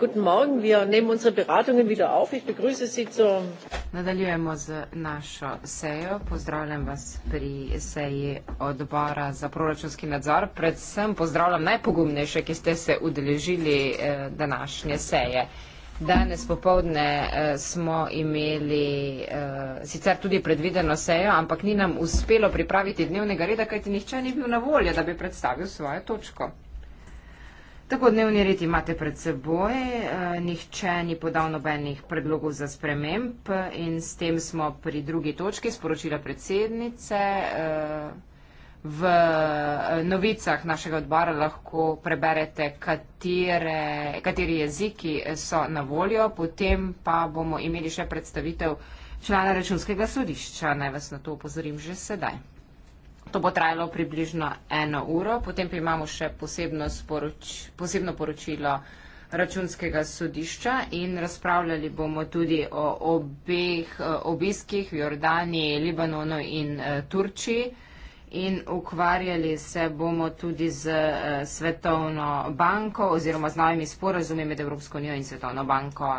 Guten Morgen, wir nehmen unsere Beratungen wieder auf. Ich begrüße Sie zur. Nadaljujemo z našo sejo. Pozdravljam vas pri seji odbora za proračunski nadzor. Predvsem pozdravljam najpogumnejše, ki ste se udeležili eh, današnje seje. Danes popovdne eh, smo imeli eh, sicer tudi predvideno sejo, ampak ni nam uspelo pripraviti dnevnega reda, kajti nihče ni bil na voljo, da bi predstavil svojo točko. Tako dnevni red imate pred seboj, eh, nihče ni podal nobenih predlogov za sprememb in s tem smo pri drugi točki sporočila predsednice. Eh, v eh, novicah našega odbora lahko preberete, katere, kateri jeziki so na voljo, potem pa bomo imeli še predstavitev člana računskega sodišča. Naj vas na to upozorim že sedaj. To bo trajalo približno eno uro, potem pa imamo še sporoč, posebno poročilo računskega sodišča in razpravljali bomo tudi o obeh eh, obiskih v Jordaniji, Libanonu in eh, Turčiji in ukvarjali se bomo tudi z eh, Svetovno banko oziroma z novimi sporazumi med Evropsko unijo in Svetovno banko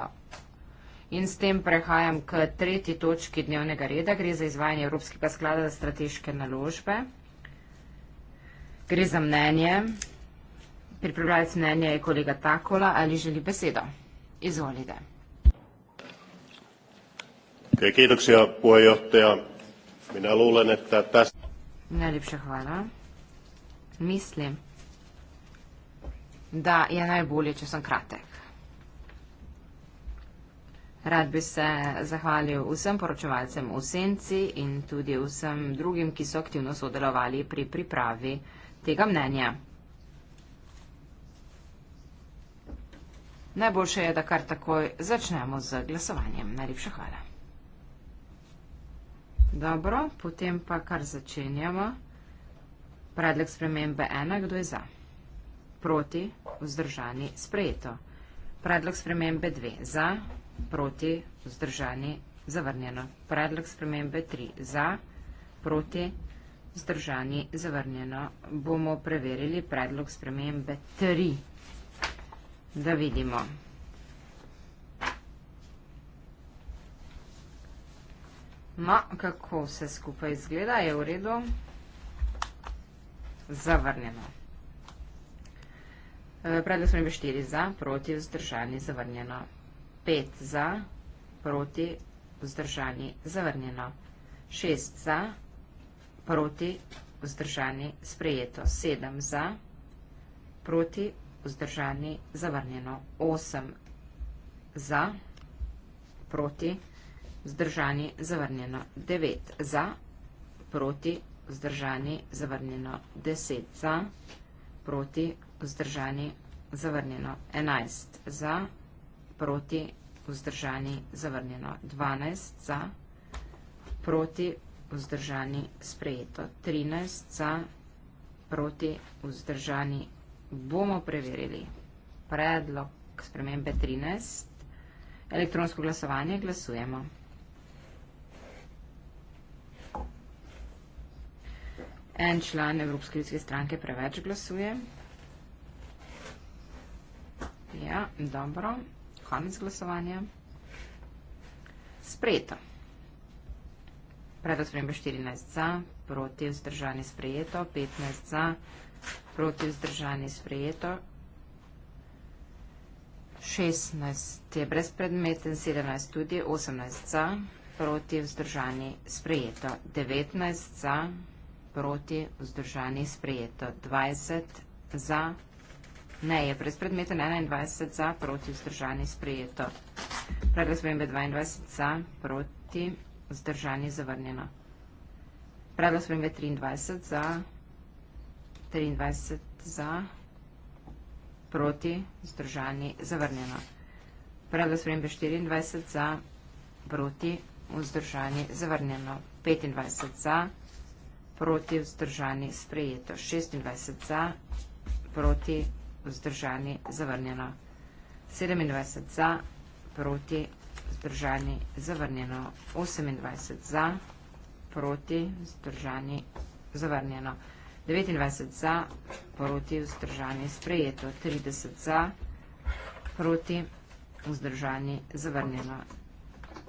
In s tem prehajam k tretji točki dnevnega reda. Gre za izvajanje Evropskega sklada za strateške naložbe. Gre za mnenje. Pripravljalec mnenja je kolega Takola. Ali želi besedo? Izvolite. Najlepša hvala. Mislim, da je najbolje, če sem kratek. Rad bi se zahvalil vsem poročevalcem v Senci in tudi vsem drugim, ki so aktivno sodelovali pri pripravi tega mnenja. Najboljše je, da kar takoj začnemo z glasovanjem. Najlepša hvala. Dobro, potem pa kar začenjamo. Predlog spremembe 1. Kdo je za? Proti, vzdržani, sprejeto. Predlog spremembe 2. Za, proti, vzdržani, zavrnjeno. Predlog spremembe 3. Za, proti, vzdržani, zavrnjeno. Bomo preverili predlog spremembe 3, da vidimo. Ma, kako vse skupaj izgleda, je v redu. Zavrnjeno. Eh, predlog spremembe 4. Za, proti, vzdržani, zavrnjeno. Zavrnjeno. 5 za, proti, vzdržani, zavrnjeno. 6 za, proti, vzdržani, sprejeto. 7 za, proti, vzdržani, zavrnjeno. 8 za, proti, vzdržani, zavrnjeno. 9 za, proti, vzdržani, zavrnjeno. 10 za, proti, vzdržani, zavrnjeno. 11 za, proti, vzdržani, zavrnjeno proti, vzdržani, zavrnjeno. 12 za, proti, vzdržani, sprejeto. 13 za, proti, vzdržani, bomo preverili. Predlog spremembe 13. Elektronsko glasovanje glasujemo. En član Evropske ljudske stranke preveč glasuje. Ja, dobro. Dobro. Konec glasovanja. Sprejeto. Predlog sprejme 14 za, proti vzdržani sprejeto, 15 za, proti vzdržani sprejeto, 16 je brezpredmeten, 17 tudi, 18 za, proti vzdržani sprejeto, 19 za, proti vzdržani sprejeto, 20 za, proti vzdržani sprejeto. Ne je brezpredmeten 21 za, proti vzdržani sprejeto. Predlog spremembe 22 za, proti vzdržani zavrnjeno. Predlog spremembe 23 za, 23 za, proti vzdržani zavrnjeno. Predlog spremembe 24 za, proti vzdržani zavrnjeno. 25 za, proti vzdržani sprejeto. 26 za, proti vzdržani sprejeto vzdržani, zavrnjeno. 27 za, proti, vzdržani, zavrnjeno. 28 za, proti, vzdržani, zavrnjeno. 29 za, proti, vzdržani, sprejeto. 30 za, proti, vzdržani, zavrnjeno.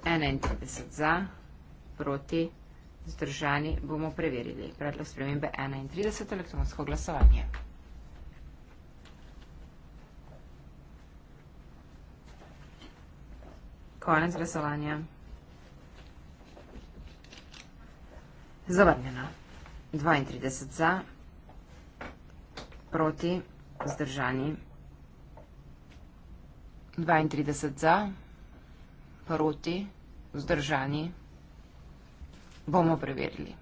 31 za, proti, vzdržani, bomo preverili. Predlog spremembe 31 elektronsko glasovanje. Konec glasovanja. Zavrnjeno. 32 za, proti, zdržani. 32 za, proti, zdržani. Bomo preverili.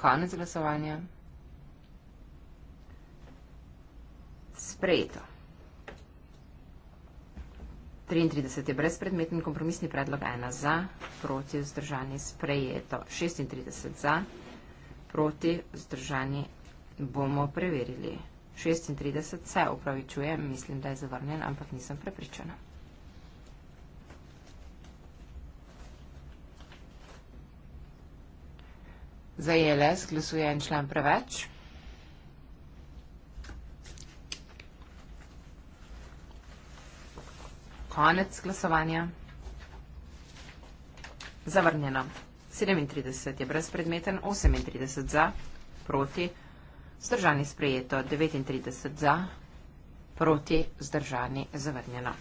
Konec glasovanja. sprejeto. 33 je brezpredmeten kompromisni predlog, ena za, proti vzdržani sprejeto, 36 za, proti vzdržani bomo preverili. 36 se upravičuje, mislim, da je zavrnjen, ampak nisem prepričana. Za ELS glasuje en član preveč. konec glasovanja. Zavrnjeno. 37 je brezpredmeten, 38 za, proti, zdržani sprejeto, 39 za, proti, zdržani, zavrnjeno.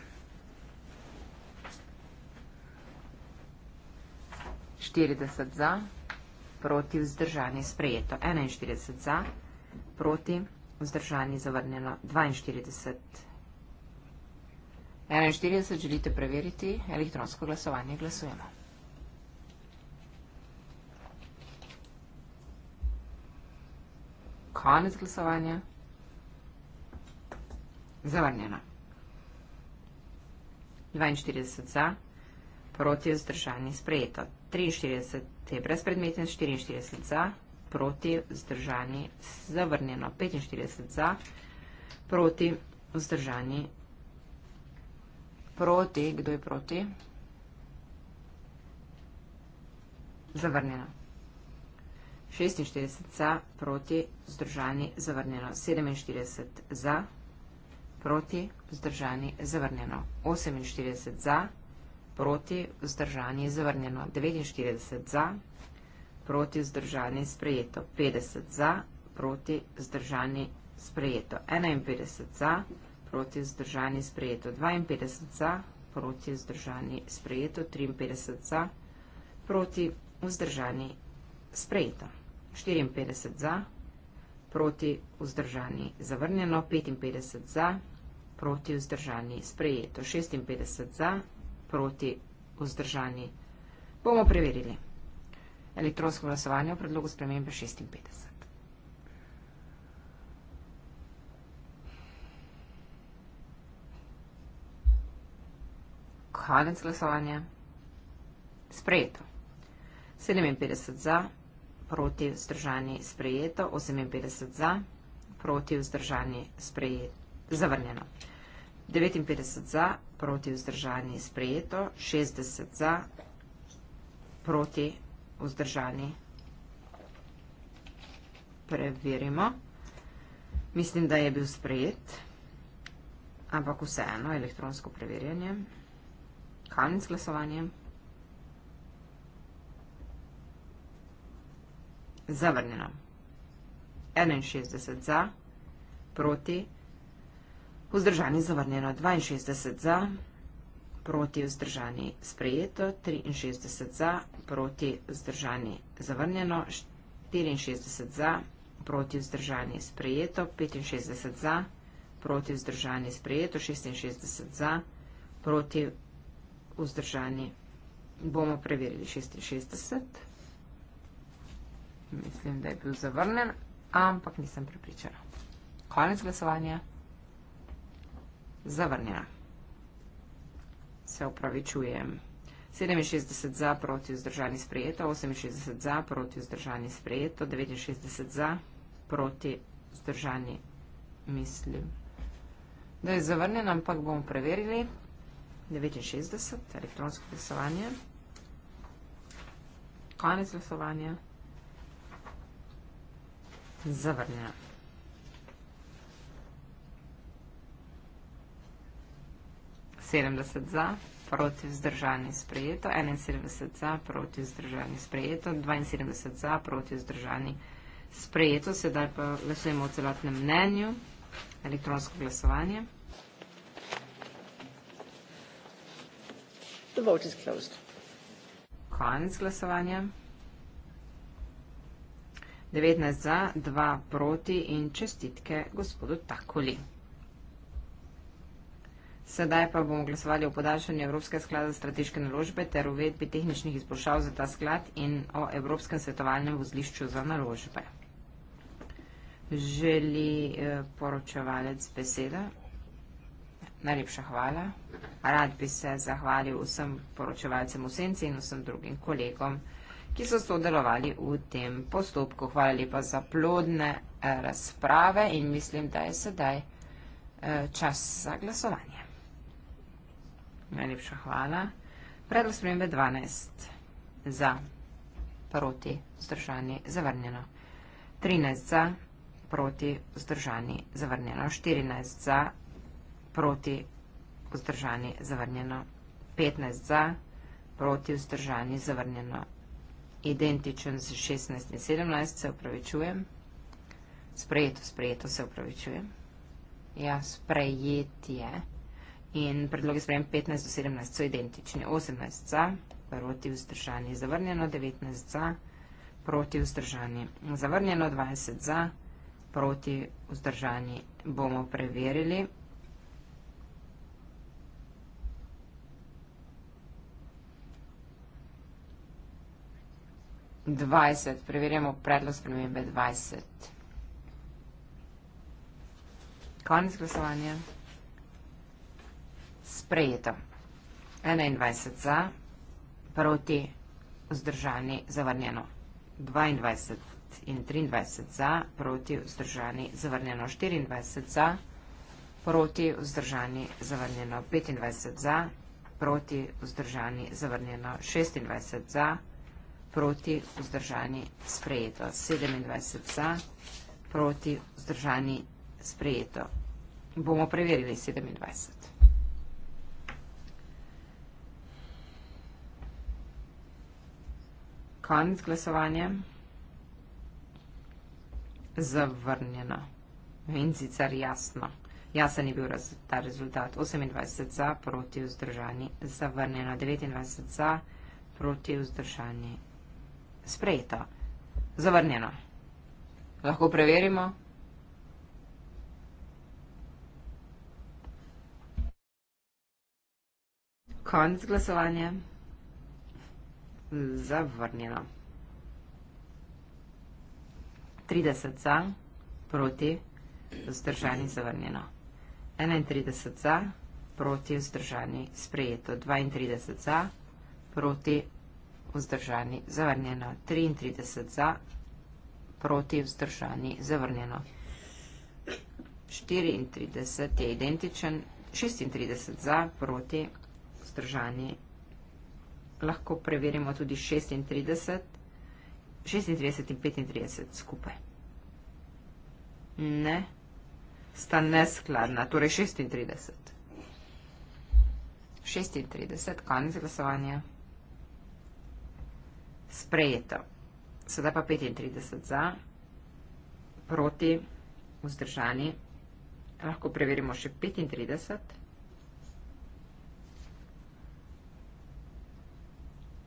40 za, proti, vzdržani, sprejeto. 41 za, proti, vzdržani, zavrnjeno. 42 za. 41 želite preveriti elektronsko glasovanje. Glasujemo. Konec glasovanja. Zavrnjeno. 42 za, proti je zdržani sprejeto. 43 je brezpredmeten, 44 za, proti je zdržani zavrnjeno. 45 za, proti je zdržani Proti. Kdo je proti? Zavrnjeno. 46 za, proti, vzdržani, zavrnjeno. 47 za, proti, vzdržani, zavrnjeno. 48 za, proti, vzdržani, zavrnjeno. 49 za, proti, vzdržani, sprejeto. 50 za, proti, vzdržani, sprejeto. 51 za, proti, vzdržani, sprejeto proti zdržani sprejeto 52 za, proti zdržani sprejeto 53 za, proti vzdržani sprejeto 54 za, proti vzdržani zavrnjeno 55 za, proti vzdržani sprejeto 56 za, proti vzdržani bomo preverili. Elektronsko glasovanje o predlogu spremembe 56. konec glasovanja. Sprejeto. 57 za, proti vzdržani sprejeto, 58 za, proti vzdržani sprejeto, zavrnjeno. 59 za, proti vzdržani sprejeto, 60 za, proti vzdržani preverimo. Mislim, da je bil sprejet, ampak vseeno elektronsko preverjanje. Konec glasovanja. Zavrnjeno. 61 za, proti, vzdržani zavrnjeno, 62 za, proti, vzdržani sprejeto, 63 za, proti, vzdržani zavrnjeno, 64 za, proti, vzdržani sprejeto, 65 za, proti, vzdržani sprejeto, 66 za, proti, vzdržani sprejeto, vzdržani. Bomo preverili 66. Mislim, da je bil zavrnen, ampak nisem pripričana. Konec glasovanja. Zavrnjena. Se upravičujem. 67 za, proti vzdržani sprejeto, 68 za, proti vzdržani sprejeto, 69 za, proti vzdržani mislim. Da je zavrnjen, ampak bomo preverili. 69, elektronsko glasovanje. Konec glasovanja. Zavrnja. za, proti vzdržani sprejeto, 71 za, proti vzdržani sprejeto, 72 za, proti vzdržani sprejeto. Sedaj pa glasujemo o celotnem mnenju, elektronsko glasovanje. The vote is closed. Konec glasovanja. 19 za, 2 proti in čestitke gospodu Takoli. Sedaj pa bomo glasovali o podaljšanju Evropske sklada strateške naložbe ter uvedbi tehničnih izboljšav za ta sklad in o Evropskem svetovalnem vozlišču za naložbe. Želi eh, poročevalec besede? Najlepša hvala. Rad bi se zahvalil vsem poročevalcem v senci in vsem drugim kolegom, ki so sodelovali v tem postopku. Hvala lepa za plodne eh, razprave in mislim, da je sedaj eh, čas za glasovanje. Najlepša hvala. Predlog spremembe 12 za proti vzdržani zavrnjeno. 13 za proti vzdržani zavrnjeno. 14 za proti vzdržani zavrnjeno, 15 za, proti vzdržani zavrnjeno, identičen z 16 in 17, se upravičujem, sprejeto, sprejeto, se upravičujem, ja, sprejet je in predlogi sprejem 15 do 17 so identični, 18 za, proti vzdržani zavrnjeno, 19 za, proti vzdržani zavrnjeno, 20 za, proti vzdržani bomo preverili, 20. Preverjamo predlog spremembe 20. Konec glasovanja. Sprejeto. 21 za, proti vzdržani zavrnjeno. 22 in 23 za, proti vzdržani zavrnjeno. 24 za, proti vzdržani zavrnjeno. 25 za, proti vzdržani zavrnjeno. 26 za, proti vzdržani zavrnjeno proti vzdržani sprejeto. 27 za, proti vzdržani sprejeto. Bomo preverili 27. Konec glasovanja. Zavrnjeno. In sicer jasno. Jasen je bil ta rezultat. 28 za, proti vzdržani, zavrnjeno. 29 za, proti vzdržani, zavrnjeno. Sprejeto. Zavrnjeno. Lahko preverimo. Konc glasovanja. Zavrnjeno. 30 za, proti, vzdržani, zavrnjeno. 31 za, proti, vzdržani, sprejeto. 32 za, proti, vzdržani vzdržani, zavrnjeno, 33 za, proti vzdržani, zavrnjeno, 34 je identičen, 36 za, proti vzdržani, lahko preverimo tudi 36, 36 in 35 skupaj. Ne, sta neskladna, torej 36. 36, konec glasovanja sprejeto. Sedaj pa 35 za, proti, vzdržani. Lahko preverimo še 35.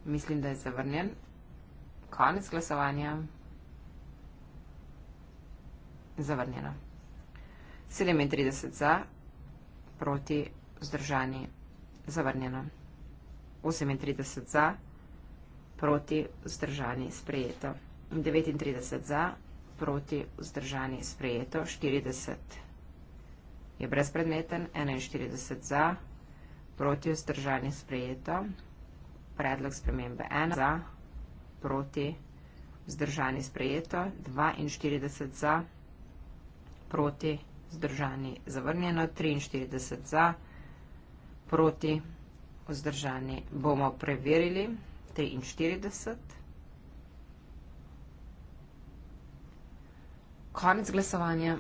Mislim, da je zavrnjen. Konec glasovanja. Zavrnjeno. 37 za, proti, vzdržani. Zavrnjeno. 38 za, vzdržani proti vzdržani sprejeto. 39 za, proti vzdržani sprejeto, 40 je brezpredmeten, 41 za, proti vzdržani sprejeto, predlog spremembe 1 za, proti vzdržani sprejeto, 42 za, proti vzdržani zavrnjeno, 43 za, proti vzdržani bomo preverili, 43 za, 43. Konec glasovanja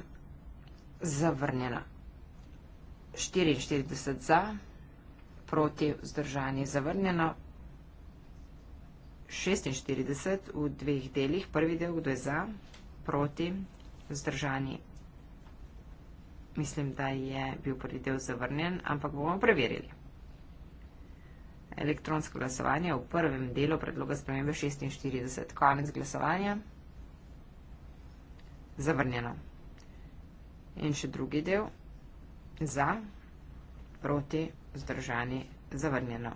zavrnjena. 44 za, proti vzdržanje zavrnjena. 46 v dveh delih, prvi del, kdo je za, proti vzdržanje. Mislim, da je bil prvi del zavrnjen, ampak bomo preverili elektronsko glasovanje v prvem delu predloga spremembe 46. Konec glasovanja. Zavrnjeno. In še drugi del. Za, proti, vzdržani, zavrnjeno.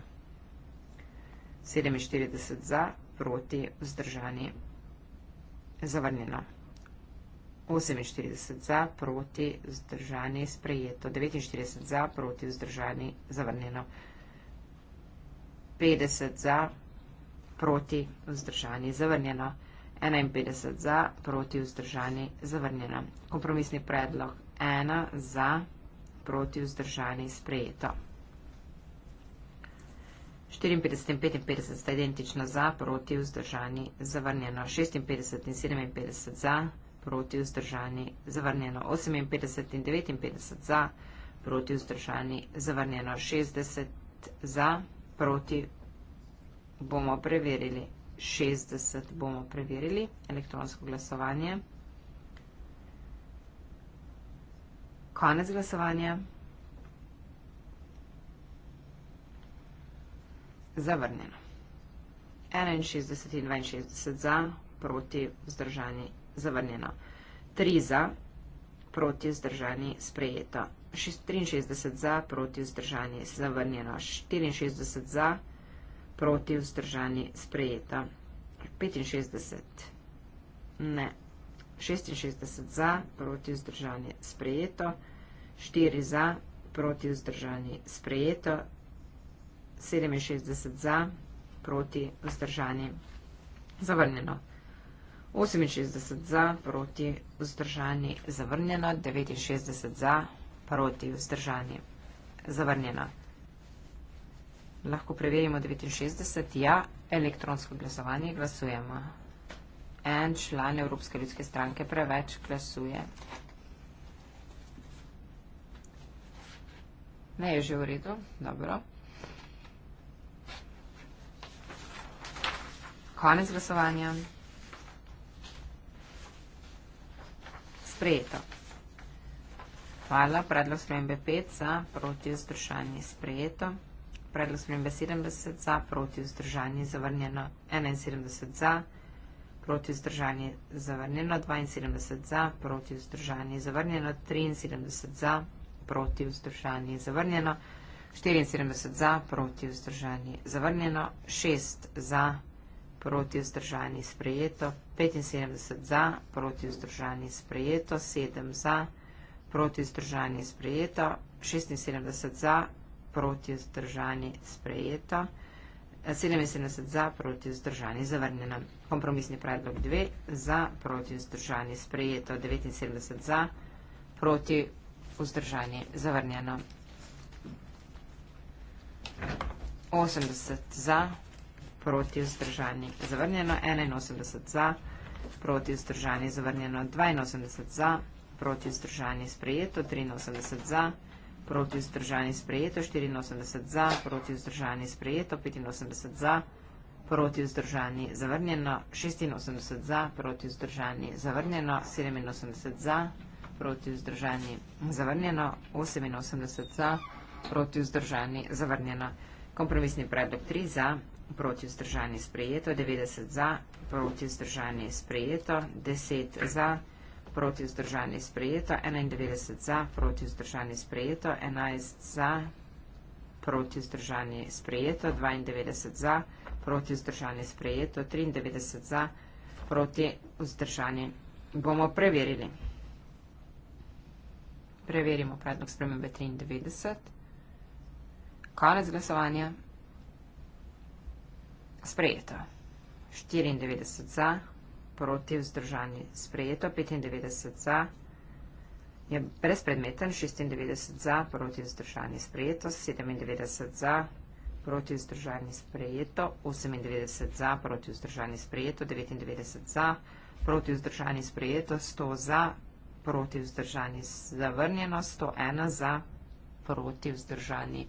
47 za, proti, vzdržani, zavrnjeno. 48 za, proti, vzdržani, sprejeto. 49 za, proti, vzdržani, zavrnjeno. 50 za, proti, vzdržani, zavrnjeno. 51 za, proti, vzdržani, zavrnjeno. Kompromisni predlog 1 za, proti, vzdržani, sprejeto. 54 in 55 sta identična za, proti, vzdržani, zavrnjeno. 56 in 57 za, proti, vzdržani, zavrnjeno. 58 in 59 za, proti, vzdržani, zavrnjeno. 60 za, proti, vzdržani, zavrnjeno proti bomo preverili. 60 bomo preverili elektronsko glasovanje. Konec glasovanja. Zavrnjeno. 61 in 62 za, proti vzdržani zavrnjeno. 3 za, proti vzdržani sprejeto. 63 za, proti vzdržani, zavrnjeno 64 za, proti vzdržani, sprejeta 65, ne, 66 za, proti vzdržani, sprejeto, 4 za, proti vzdržani, sprejeto, 67 za, proti vzdržani, zavrnjeno. 68 za, proti vzdržani, zavrnjeno, 69 za, proti vzdržani. Zavrnjena. Lahko preverimo 69. Ja, elektronsko glasovanje glasujemo. En član Evropske ljudske stranke preveč glasuje. Ne je že v redu. Dobro. Konec glasovanja. Sprejeto. Hvala. Predlog spremembe 5 za proti vzdržanje sprejeto. Predlog spremembe 70 za proti vzdržanje zavrnjeno. 71 za proti vzdržanje zavrnjeno. 72 za proti vzdržanje zavrnjeno. 73 za proti vzdržanje zavrnjeno. 74 za proti vzdržanje zavrnjeno. 6 za proti vzdržanje sprejeto. 75 za proti vzdržanje sprejeto. 7 za proti vzdržanje sprejeto proti zdržanje sprejeta, 76 za, proti zdržanje sprejeta, 77 za, proti zdržanje zavrnjena. Kompromisni predlog 2 za, proti zdržanje sprejeta, 79 za, proti vzdržanje zavrnjena. 80 za, proti vzdržanje zavrnjeno, 81 za, proti vzdržanje zavrnjeno, 82 za, proti vzdržanje sprejeto, 83 za, proti vzdržanje sprejeto, 84 za, proti vzdržanje sprejeto, 85 za, proti vzdržanje zavrnjeno, 86 za, proti vzdržanje zavrnjeno, 87 za, proti vzdržanje zavrnjeno, 88 za, proti vzdržanje zavrnjeno. Kompromisni predlog 3 za, proti vzdržanje sprejeto, 90 za, proti vzdržanje sprejeto, 10 za, proti vzdržanje sprejeto, 10 za, proti vzdržani sprejeto, 91 za, proti vzdržani sprejeto, 11 za, proti vzdržani sprejeto, 92 za, proti vzdržani sprejeto, 93 za, proti vzdržani. Bomo preverili. Preverimo predlog spremembe 93. Konec glasovanja. Sprejeto. 94 za, proti vzdržani. Sprejeto 95 za je brezpredmeten, 96 za proti vzdržani. Sprejeto 97 za proti vzdržani. Sprejeto 98 za proti vzdržani. Sprejeto 99 za proti vzdržani. Sprejeto 100 za proti vzdržani. Zavrnjeno 101 za proti vzdržani.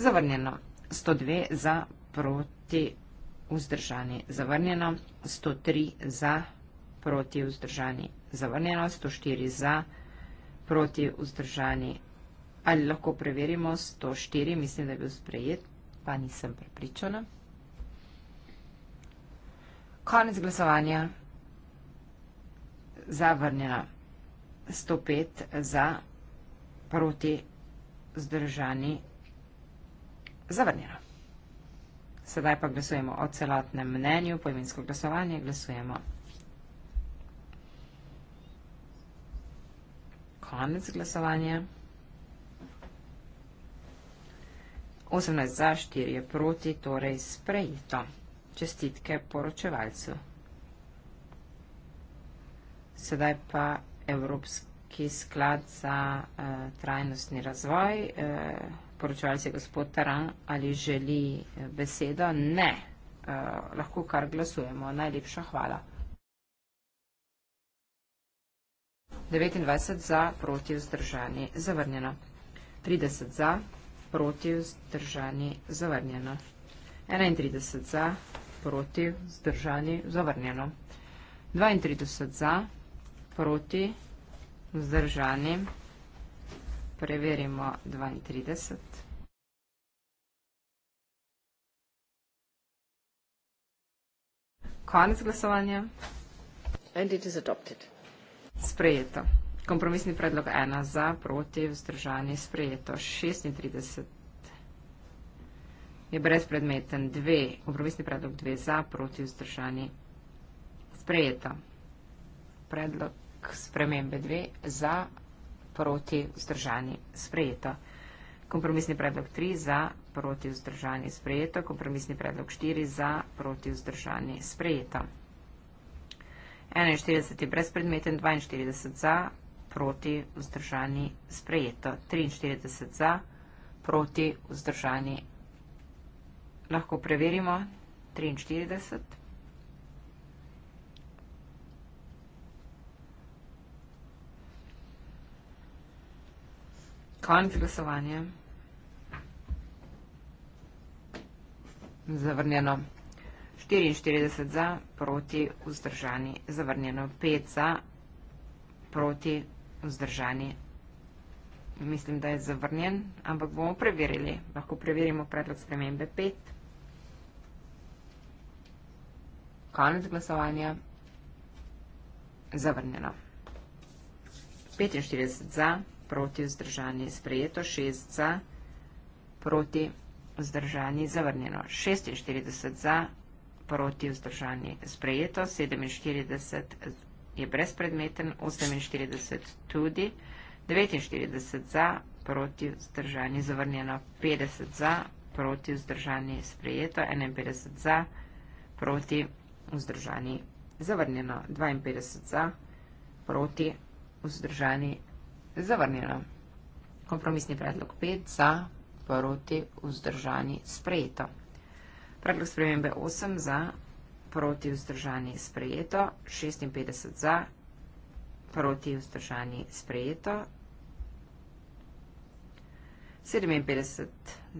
Zavrnjeno 102 za proti vzdržani vzdržani, zavrnjeno, 103 za, proti vzdržani, zavrnjeno, 104 za, proti vzdržani. Ali lahko preverimo 104, mislim, da je bil sprejet, pa nisem prepričana. Konec glasovanja, zavrnjeno, 105 za, proti vzdržani, zavrnjeno. Sedaj pa glasujemo o celotnem mnenju. Poimensko glasovanje glasujemo. Konec glasovanja. 18 za 4 je proti, torej sprejeto. Čestitke poročevalcu. Sedaj pa Evropski sklad za uh, trajnostni razvoj. Uh, poročal se gospod Taran, ali želi eh, besedo? Ne, eh, lahko kar glasujemo. Najlepša hvala. 29 za, proti vzdržani, zavrnjeno. 30 za, proti vzdržani, zavrnjeno. 31 za, proti vzdržani, zavrnjeno. 32 za, proti vzdržani, zavrnjeno preverimo 32. Konec glasovanja. And it is adopted. Sprejeto. Kompromisni predlog 1 za, proti, vzdržani, sprejeto. 36 je brezpredmeten. 2. Kompromisni predlog 2 za, proti, vzdržani, sprejeto. Predlog spremembe 2 za, proti vzdržani sprejeto. Kompromisni predlog 3 za proti vzdržani sprejeto. Kompromisni predlog 4 za proti vzdržani sprejeto. 41 je brezpredmeten, 42 za proti vzdržani sprejeto. 43 za proti vzdržani. Lahko preverimo. 43. Konec glasovanja. Zavrnjeno. 44 za, proti, vzdržani. Zavrnjeno. 5 za, proti, vzdržani. Mislim, da je zavrnjen, ampak bomo preverili. Lahko preverimo predlog spremembe 5. Konec glasovanja. Zavrnjeno. 45 za, proti, vzdržani proti vzdržani sprejeto, 6 za, proti vzdržani zavrnjeno, 46 za, proti vzdržani sprejeto, 47 je brezpredmeten, 48 tudi, 49 za, proti vzdržani zavrnjeno, 50 za, proti vzdržani sprejeto, 51 za, proti vzdržani zavrnjeno, 52 za, proti vzdržani zavrnjeno. Kompromisni predlog 5 za, proti, vzdržani, sprejeto. Predlog spremembe 8 za, proti, vzdržani, sprejeto. 56 za, proti, vzdržani, sprejeto. 57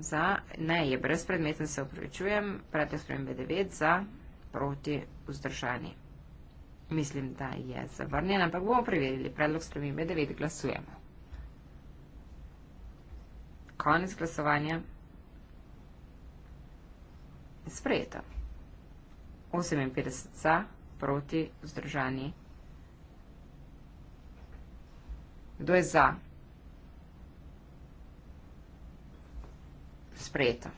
za, ne je brezpredmeten, se upravičujem. Predlog spremembe 9 za, proti, vzdržani, sprejeto. Mislim, da je zavrnjen, ampak bomo preverili. Predlog spremembe 9 glasujemo. Konec glasovanja. Sprejeto. 58 za, proti, vzdržani. Kdo je za? Sprejeto.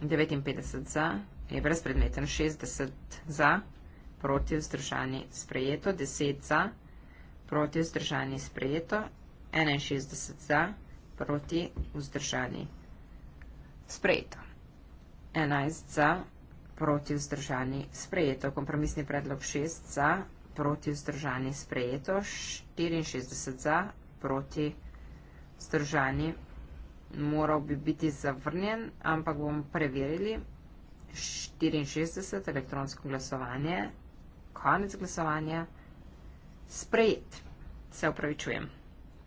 59 za, je brezpredmeten, 60 za proti vzdržani sprejeto, 10 za, proti vzdržani sprejeto, 61 za, proti vzdržani sprejeto, 11 za, proti vzdržani sprejeto, kompromisni predlog 6 za, proti vzdržani sprejeto, 64 za, proti vzdržani moral bi biti zavrnjen, ampak bomo preverili 64 elektronsko glasovanje, konec glasovanja. Sprejet. Se upravičujem.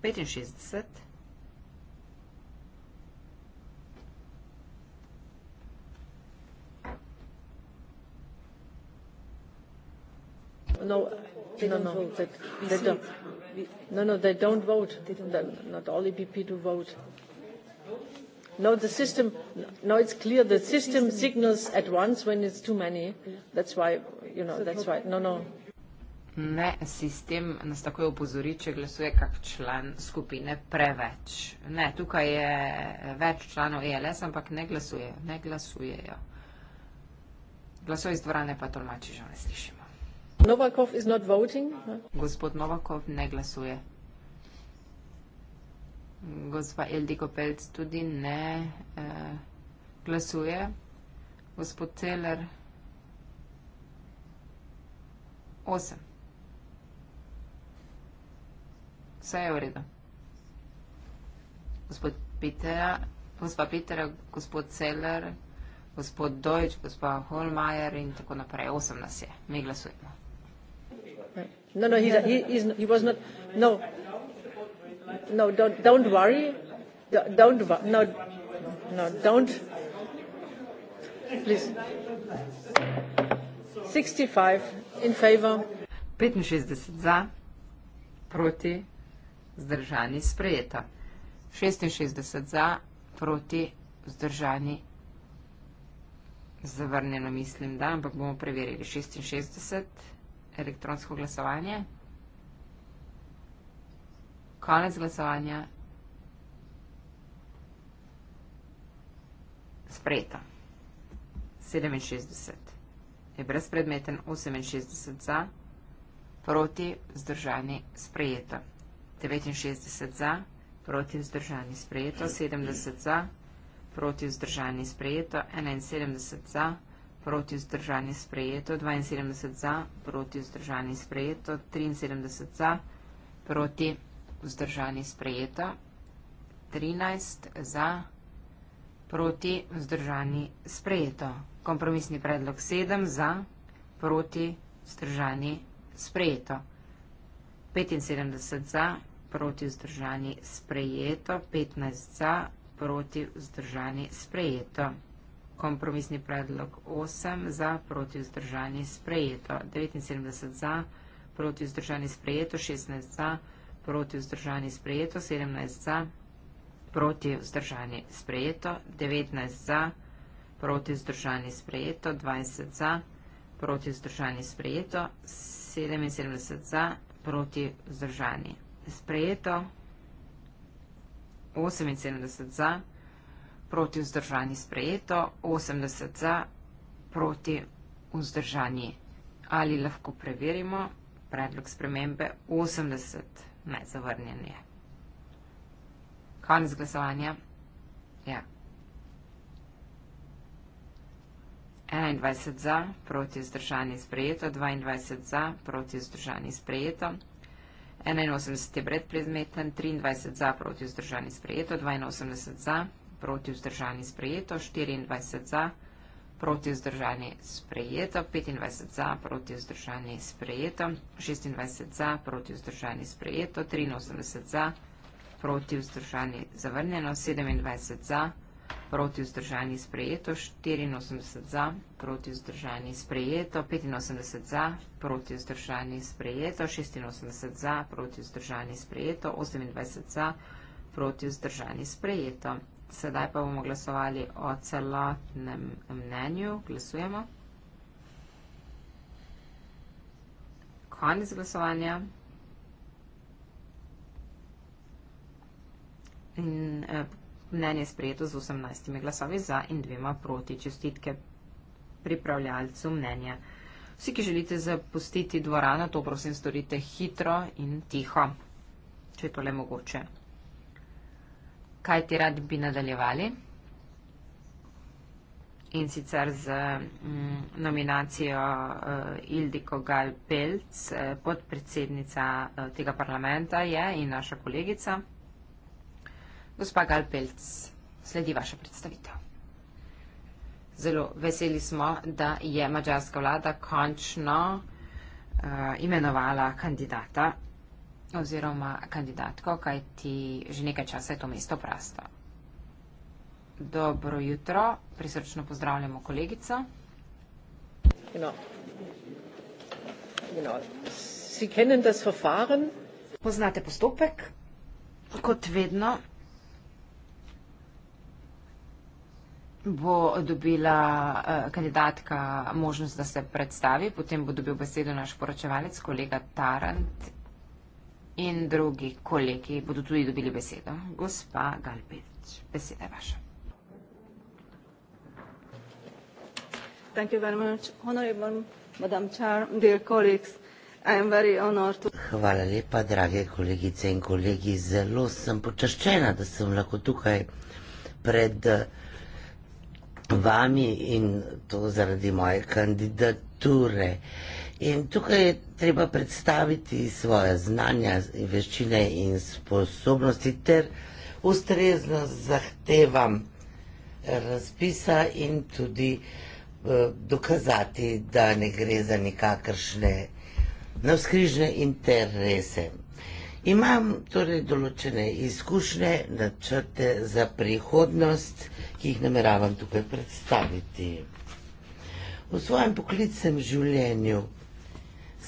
65. No, no, no, that, they don't, no, no, they don't vote. They don't. Not all EPP do vote. Voting. No, the system, no, it's clear the system signals at once when it's too many. That's why, you know, that's why, no, no. Ne, sistem nas takoj upozori, če glasuje kak član skupine preveč. Ne, tukaj je več članov ELS, ampak ne glasuje, ne glasujejo. Glasuje iz dvorane, pa tolmači že ne slišimo. Novakov is not voting. Huh? Gospod Novakov ne glasuje gospa Eldiko Pelc tudi ne eh, glasuje. Gospod Celer, 8. Vse je v redu. Gospod Pitera, gospa Pitera, gospod Celer, gospod Dojč, gospa Holmajer in tako naprej. 8 nas je. Mi glasujemo. No, no, he's a, he, he's, he was not. No no, don't, don't worry. Don't, no, no, don't. Please. 65 in favor. 65 za, proti, zdržani, sprejeta. 66 za, proti, zdržani, zavrnjeno, mislim, da, ampak bomo preverili. 66 elektronsko glasovanje konec glasovanja sprejeta. 67 je brezpredmeten, 68 za, proti vzdržani sprejeto. 69 za, proti vzdržani sprejeto, 70 za, proti vzdržani sprejeto, 71 za, proti vzdržani sprejeto, 72 za, proti vzdržani sprejeto, 73 za, proti vzdržani sprejeto vzdržani sprejeto, 13 za, proti vzdržani sprejeto, kompromisni predlog 7 za, proti vzdržani sprejeto, 75 za, proti vzdržani sprejeto, 15 za, proti vzdržani sprejeto. Kompromisni predlog 8 za, proti vzdržani sprejeto, 79 za, proti vzdržani sprejeto, 16 za, proti vzdržani sprejeto proti vzdržani sprejeto, 17 za, proti vzdržani sprejeto, 19 za, proti vzdržani sprejeto, 20 za, proti vzdržani sprejeto, 77 za, proti vzdržani sprejeto, 78 za, proti vzdržani sprejeto, 80 za, proti vzdržani. Ali lahko preverimo predlog spremembe 80 za ne, zavrnjen je. Konec glasovanja. Ja. 21 za, proti zdržani sprejeto, 22 za, proti zdržani sprejeto, 81 je predprezmeten, 23 za, proti zdržani sprejeto, 82 za, proti vzdržani sprejeto, 24 za, proti vzdržani sprejeto, proti vzdržani sprejeto, 25 za proti vzdržani sprejeto, 26 za proti vzdržani sprejeto, 83 za proti vzdržani zavrnjeno, 27 za proti vzdržani sprejeto, 84 za proti vzdržani sprejeto, 85 za proti vzdržani sprejeto, 86 za proti vzdržani sprejeto, 28 za proti vzdržani sprejeto. Sedaj pa bomo glasovali o celotnem mnenju. Glasujemo. Konec glasovanja. In, eh, mnenje je sprejeto z 18 glasovi za in dvema proti. Čestitke pripravljalcu mnenja. Vsi, ki želite zapustiti dvorano, to prosim storite hitro in tiho, če je to le mogoče kaj ti radi bi nadaljevali. In sicer z mm, nominacijo uh, Ildiko Galpelc, eh, podpredsednica eh, tega parlamenta je in naša kolegica. Gospa Galpelc, sledi vaša predstavitev. Zelo veseli smo, da je mađarska vlada končno uh, imenovala kandidata oziroma kandidatko, kaj ti že nekaj časa je to mesto prasto. Dobro jutro, prisrčno pozdravljamo kolegico. Poznate postopek? Kot vedno bo dobila eh, kandidatka možnost, da se predstavi, potem bo dobil besedo naš poročevalec, kolega Tarant in drugi kolegi bodo tudi dobili besedo. Gospa Galpič, beseda je vaša. Hvala lepa, drage kolegice in kolegi. Zelo sem počaščena, da sem lahko tukaj pred eh, vami in to zaradi moje kandidature. Uh, In tukaj je treba predstaviti svoje znanja, veščine in sposobnosti ter ustrezno zahtevam razpisa in tudi eh, dokazati, da ne gre za nekakršne navskrižne interese. Imam torej določene izkušnje, načrte za prihodnost, ki jih nameravam tukaj predstaviti. V svojem poklicnem življenju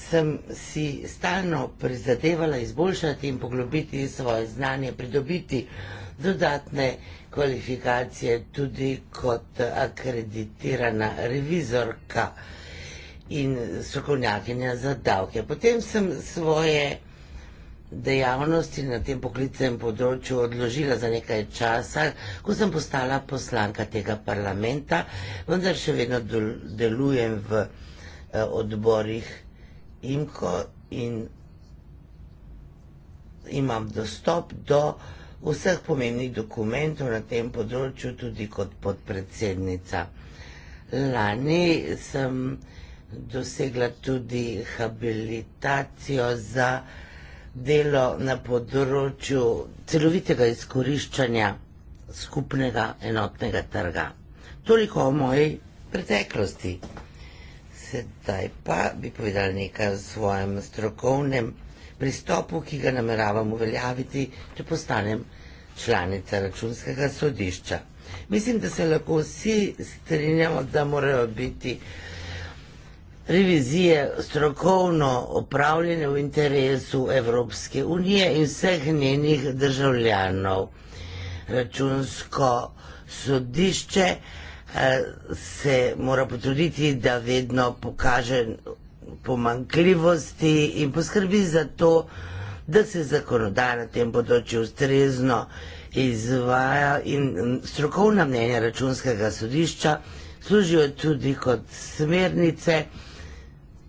sem si stalno prizadevala izboljšati in poglobiti svoje znanje, pridobiti dodatne kvalifikacije tudi kot akreditirana revizorka in strokovnjakinja za davke. Potem sem svoje dejavnosti na tem poklicnem področju odložila za nekaj časa, ko sem postala poslanka tega parlamenta, vendar še vedno delujem v eh, odborih imko in imam dostop do vseh pomembnih dokumentov na tem področju, tudi kot podpredsednica. Lani sem dosegla tudi habilitacijo za delo na področju celovitega izkoriščanja skupnega enotnega trga. Toliko o moji preteklosti sedaj pa bi povedali nekaj o svojem strokovnem pristopu, ki ga nameravam uveljaviti, če postanem članica računskega sodišča. Mislim, da se lahko vsi strinjamo, da morajo biti revizije strokovno opravljene v interesu Evropske unije in vseh njenih državljanov. Računsko sodišče Eh, se mora potruditi, da vedno pokaže pomankljivosti in poskrbi za to, da se zakonodaja na tem področju ustrezno izvaja in mm, strokovna mnenja računskega sodišča služijo tudi kot smernice,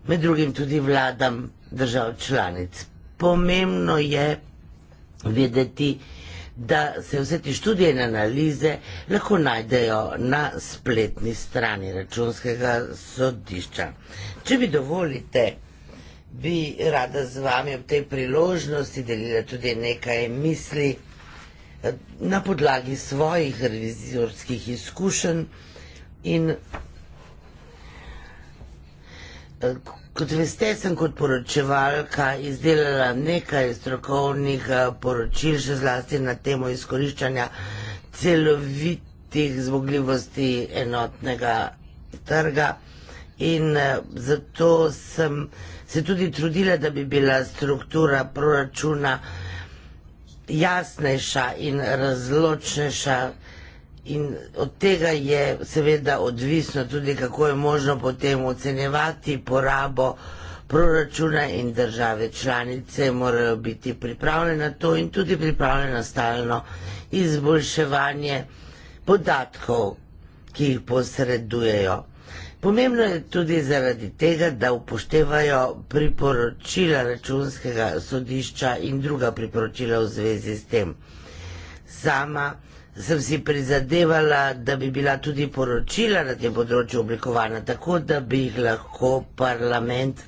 med drugim tudi vladam držav članic. Pomembno je vedeti, da se vse te študije in analize lahko najdejo na spletni strani računskega sodišča. Če bi dovolite, bi rada z vami ob tej priložnosti delila tudi nekaj misli eh, na podlagi svojih revizorskih izkušenj in eh, Kot veste, sem kot poročevalka izdelala nekaj strokovnih eh, poročil, še zlasti na temo izkoriščanja celovitih zmogljivosti enotnega trga. In eh, zato sem se tudi trudila, da bi bila struktura proračuna jasnejša in razločnejša. In od tega je seveda odvisno tudi, kako je možno potem ocenjevati porabo proračuna in države članice morajo biti pripravljene na to in tudi pripravljene na stalno izboljševanje podatkov, ki jih posredujejo. Pomembno je tudi zaradi tega, da upoštevajo priporočila računskega sodišča in druga priporočila v zvezi s tem. Sama sem si prizadevala, da bi bila tudi poročila na tem področju oblikovana, tako da bi jih lahko parlament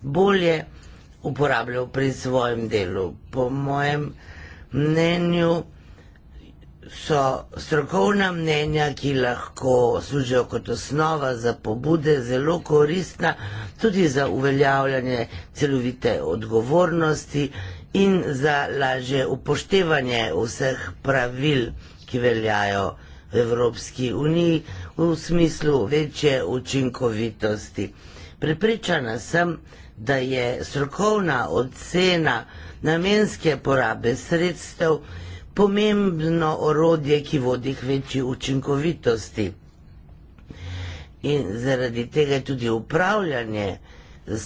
bolje uporabljal pri svojem delu. Po mojem mnenju so strokovna mnenja, ki lahko služijo kot osnova za pobude, zelo koristna tudi za uveljavljanje celovite odgovornosti in za lažje upoštevanje vseh pravil ki veljajo v Evropski uniji v smislu večje učinkovitosti. Prepričana sem, da je strokovna ocena namenske porabe sredstev pomembno orodje, ki vodi k večji učinkovitosti. In zaradi tega je tudi upravljanje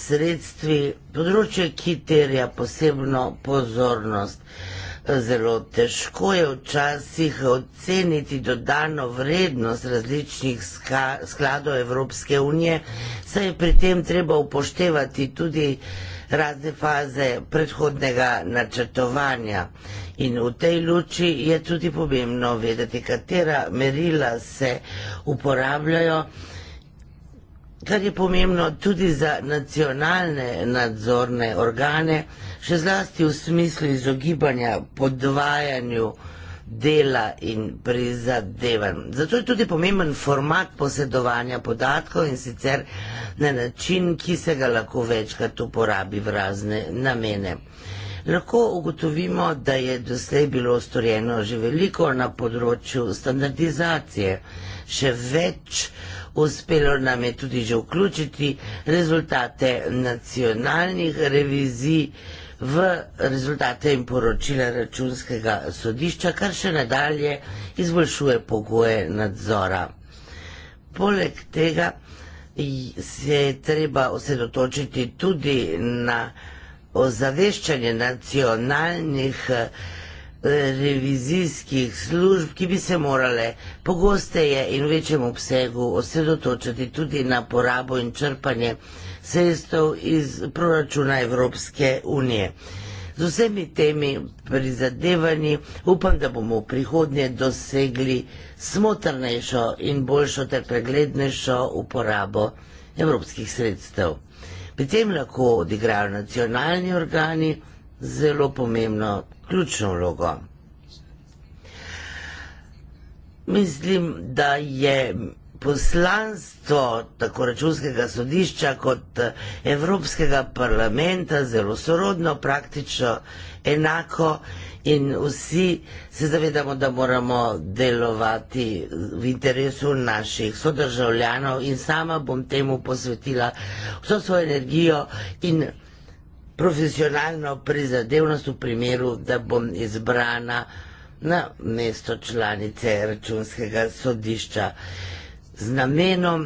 sredstvi področje, ki terja posebno pozornost. Zelo težko je včasih oceniti dodano vrednost različnih skladov Evropske unije, saj je pri tem treba upoštevati tudi razne faze predhodnega načrtovanja. In v tej luči je tudi pomembno vedeti, katera merila se uporabljajo, kar je pomembno tudi za nacionalne nadzorne organe še zlasti v smislu izogibanja podvajanju dela in prizadevanj. Zato je tudi pomemben format posedovanja podatkov in sicer na način, ki se ga lahko večkrat uporabi v razne namene. Lahko ugotovimo, da je doslej bilo storjeno že veliko na področju standardizacije. Še več uspelo nam je tudi že vključiti rezultate nacionalnih revizij, v rezultate in poročila računskega sodišča, kar še nadalje izboljšuje pogoje nadzora. Poleg tega se je treba osredotočiti tudi na ozaveščanje nacionalnih revizijskih služb, ki bi se morale pogosteje in v večjem obsegu osredotočati tudi na porabo in črpanje sredstev iz proračuna Evropske unije. Z vsemi temi prizadevanji upam, da bomo v prihodnje dosegli smotrnejšo in boljšo ter preglednejšo uporabo evropskih sredstev. Pri tem lahko odigrajo nacionalni organi zelo pomembno ključno vlogo. Mislim, da je poslanstvo tako računskega sodišča kot Evropskega parlamenta zelo sorodno, praktično enako in vsi se zavedamo, da moramo delovati v interesu naših sodržavljanov in sama bom temu posvetila vso svojo energijo in energijo profesionalno prizadevnost v primeru, da bom izbrana na mesto članice računskega sodišča z namenom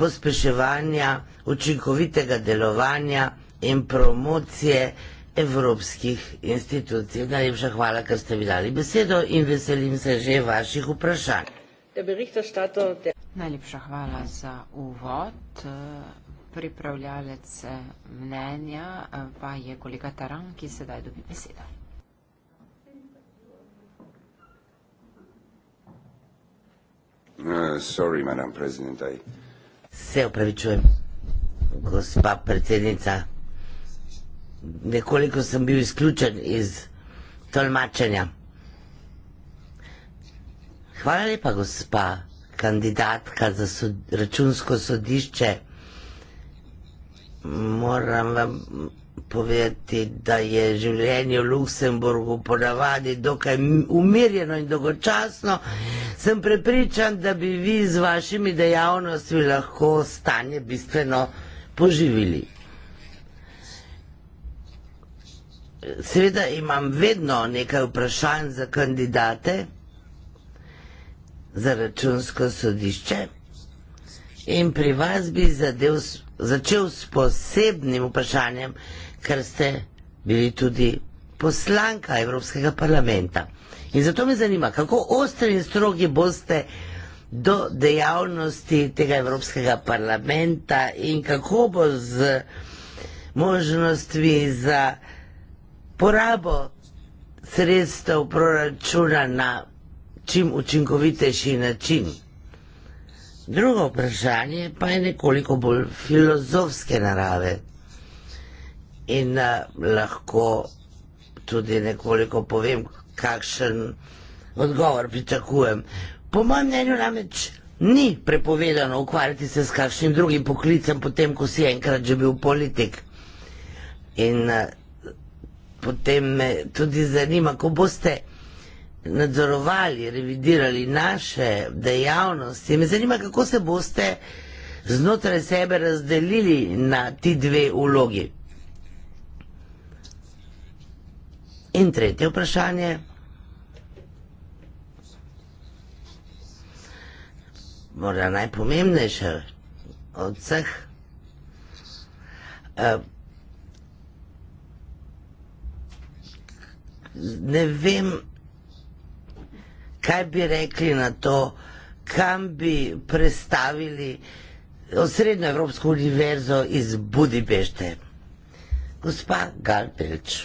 pospeševanja učinkovitega delovanja in promocije evropskih institucij. Najlepša hvala, ker ste mi dali besedo in veselim se že vaših vprašanj. Najlepša hvala za uvod pripravljalec eh, mnenja eh, pa je kolega Taran, ki sedaj dobi besedo. Eh, sorry, madam president, I... Se upravičujem, gospa predsednica. Nekoliko sem bil izključen iz tolmačenja. Hvala lepa, gospa kandidatka za sod, računsko sodišče moram vam povedati, da je življenje v Luksemburgu ponavadi dokaj umirjeno in dolgočasno. Sem prepričan, da bi vi z vašimi dejavnostmi lahko stanje bistveno poživili. Seveda imam vedno nekaj vprašanj za kandidate, za računsko sodišče in pri vas bi zadev začel s posebnim vprašanjem, ker ste bili tudi poslanka Evropskega parlamenta. In zato me zanima, kako ostri in strogi boste do dejavnosti tega Evropskega parlamenta in kako bo z možnostmi za porabo sredstev proračuna na čim učinkovitejši način. Drugo vprašanje pa je nekoliko bolj filozofske narave in uh, lahko tudi nekoliko povem, kakšen odgovor pričakujem. Po mojem mnenju namreč ni prepovedano ukvarjati se s kakšnim drugim poklicem, potem ko si enkrat že bil politik. In uh, potem me tudi zanima, ko boste nadzorovali, revidirali naše dejavnosti. Me zanima, kako se boste znotraj sebe razdelili na ti dve vlogi. In tretje vprašanje. Morda najpomembnejše od vseh. Eh, ne vem, kaj bi rekli na to, kam bi predstavili osrednjo Evropsko univerzo iz Budibešte. Gospa Galpelč.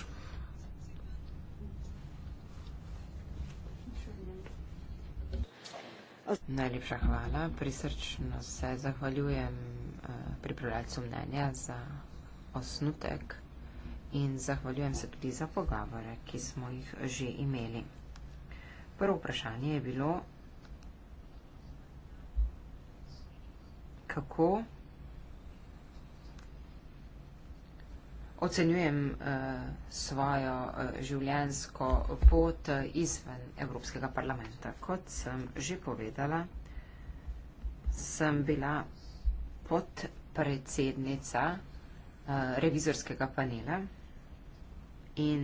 Najlepša hvala. Prisrčno se zahvaljujem eh, pripravljalcu mnenja za osnutek in zahvaljujem se tudi za pogovore, ki smo jih že imeli. Prvo vprašanje je bilo, kako ocenjujem uh, svojo uh, življenjsko pot izven Evropskega parlamenta. Kot sem že povedala, sem bila podpredsednica uh, revizorskega panela in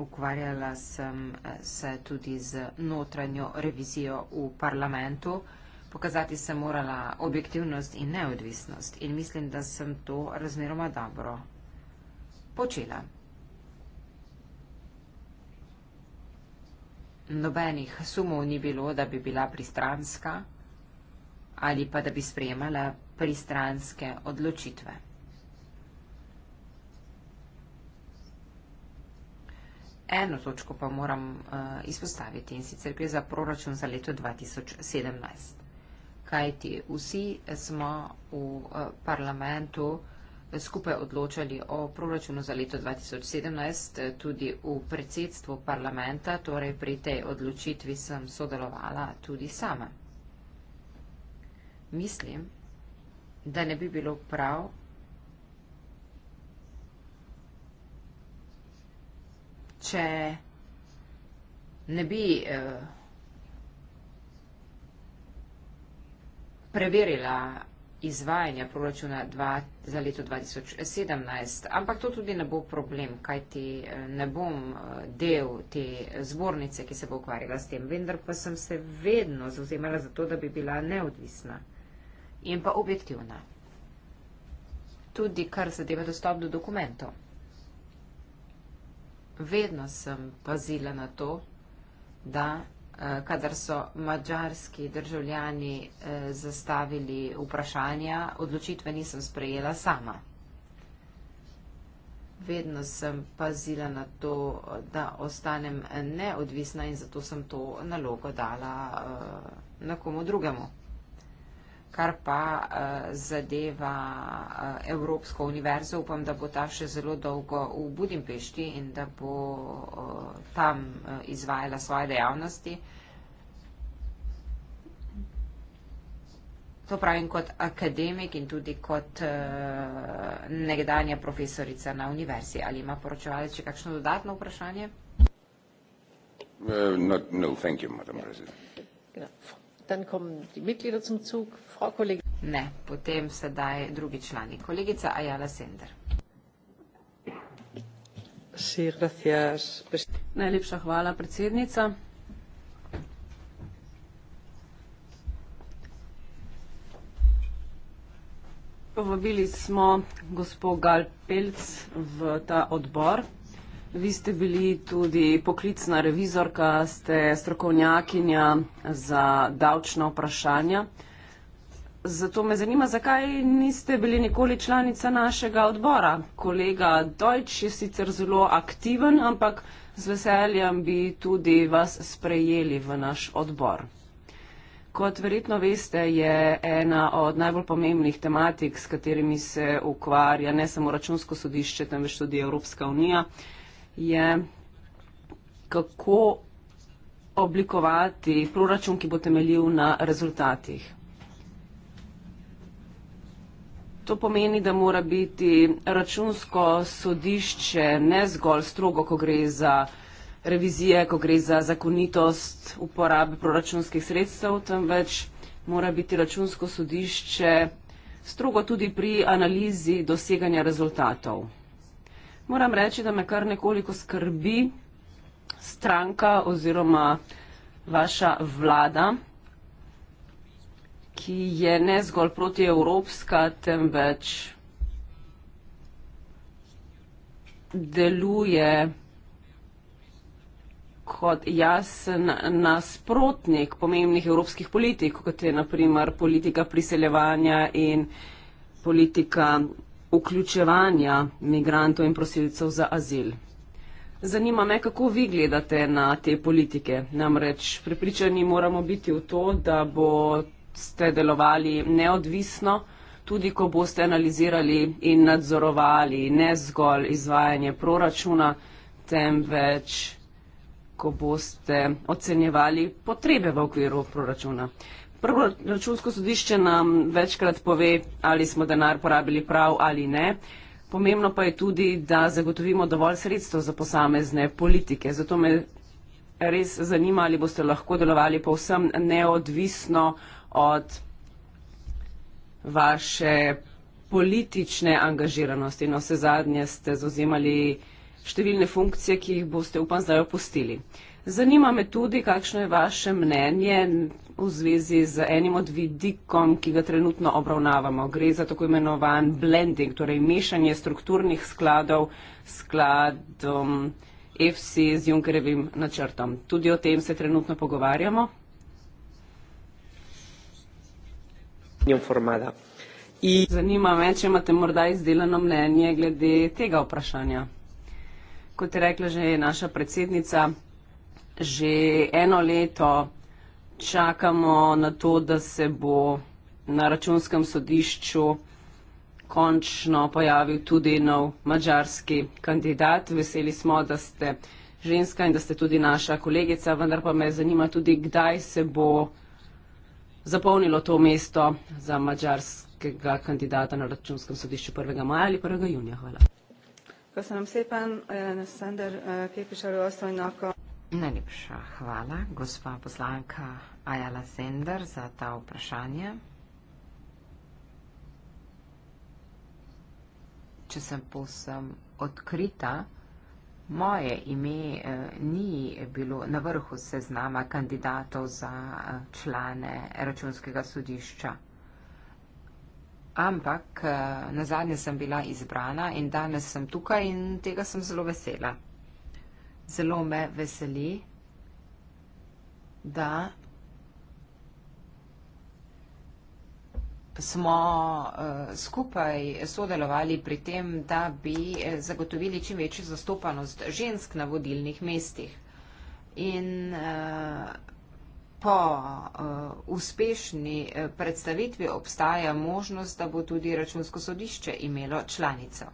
ukvarjala sem eh, se tudi z notranjo revizijo v parlamentu. Pokazati sem morala objektivnost in neodvisnost in mislim, da sem to razmeroma dobro počela. Nobenih sumov ni bilo, da bi bila pristranska ali pa da bi sprejemala pristranske odločitve. Eno točko pa moram uh, izpostaviti in sicer gre za proračun za leto 2017. Kajti vsi smo v uh, parlamentu skupaj odločali o proračunu za leto 2017, eh, tudi v predsedstvu parlamenta, torej pri tej odločitvi sem sodelovala tudi sama. Mislim, da ne bi bilo prav, če ne bi eh, preverila izvajanja proračuna za leto 2017, ampak to tudi ne bo problem, kajti eh, ne bom eh, del te zbornice, ki se bo ukvarjala s tem, vendar pa sem se vedno zauzemala za to, da bi bila neodvisna in pa objektivna. Tudi kar zadeva dostop do dokumentov vedno sem pazila na to, da eh, kadar so mađarski državljani eh, zastavili vprašanja, odločitve nisem sprejela sama. Vedno sem pazila na to, da ostanem neodvisna in zato sem to nalogo dala eh, na komu drugemu kar pa uh, zadeva uh, Evropsko univerzo. Upam, da bo ta še zelo dolgo v Budimpešti in da bo uh, tam uh, izvajala svoje dejavnosti. To pravim kot akademik in tudi kot uh, nekdanja profesorica na univerzi. Ali ima poročevalec še kakšno dodatno vprašanje? Uh, not, no, thank you, madam yeah. president. Yeah. Ne, potem sedaj drugi člani. Kolegica Ajala Sender. Najlepša hvala, predsednica. Povabili smo gospod Galpelc v ta odbor. Vi ste bili tudi poklicna revizorka, ste strokovnjakinja za davčna vprašanja. Zato me zanima, zakaj niste bili nikoli članica našega odbora. Kolega Dojč je sicer zelo aktiven, ampak z veseljem bi tudi vas sprejeli v naš odbor. Kot verjetno veste, je ena od najbolj pomembnih tematik, s katerimi se ukvarja ne samo računsko sodišče, temveč tudi Evropska unija, je, kako oblikovati proračun, ki bo temeljil na rezultatih. To pomeni, da mora biti računsko sodišče ne zgolj strogo, ko gre za revizije, ko gre za zakonitost uporabe proračunskih sredstev, temveč mora biti računsko sodišče strogo tudi pri analizi doseganja rezultatov. Moram reči, da me kar nekoliko skrbi stranka oziroma vaša vlada, ki je ne zgolj protievropska, temveč deluje kot jasen nasprotnik pomembnih evropskih politik, kot je naprimer politika priseljevanja in politika vključevanja migrantov in prosilcev za azil. Zanima me, kako vi gledate na te politike. Namreč prepričani moramo biti v to, da boste delovali neodvisno, tudi ko boste analizirali in nadzorovali ne zgolj izvajanje proračuna, temveč ko boste ocenjevali potrebe v okviru proračuna. Prvo računsko sodišče nam večkrat pove, ali smo denar porabili prav ali ne. Pomembno pa je tudi, da zagotovimo dovolj sredstev za posamezne politike. Zato me res zanima, ali boste lahko delovali povsem neodvisno od vaše politične angažiranosti. No, vse zadnje ste zauzemali številne funkcije, ki jih boste, upam, zdaj opustili. Zanima me tudi, kakšno je vaše mnenje v zvezi z enim od vidikom, ki ga trenutno obravnavamo. Gre za tako imenovan blending, torej mešanje strukturnih skladov s skladom FC z Junkerjevim načrtom. Tudi o tem se trenutno pogovarjamo. Zanima me, če imate morda izdelano mnenje glede tega vprašanja. Kot je rekla že naša predsednica, že eno leto čakamo na to, da se bo na računskem sodišču končno pojavil tudi nov mačarski kandidat. Veseli smo, da ste ženska in da ste tudi naša kolegica, vendar pa me zanima tudi, kdaj se bo zapolnilo to mesto za mačarskega kandidata na računskem sodišču 1. maja ali 1. junija. Hvala. Ko sem vam sepan, Sander, eh, ki je prišel v osnovno enako. Najlepša hvala, gospa poslanka Ajala Sender, za ta vprašanje. Če sem posem odkrita, moje ime eh, ni bilo na vrhu seznama kandidatov za eh, člane računskega sodišča. Ampak eh, na zadnje sem bila izbrana in danes sem tukaj in tega sem zelo vesela zelo me veseli, da smo eh, skupaj sodelovali pri tem, da bi eh, zagotovili čim večjo zastopanost žensk na vodilnih mestih. In eh, po uspešni predstavitvi obstaja možnost, da bo tudi računsko sodišče imelo članico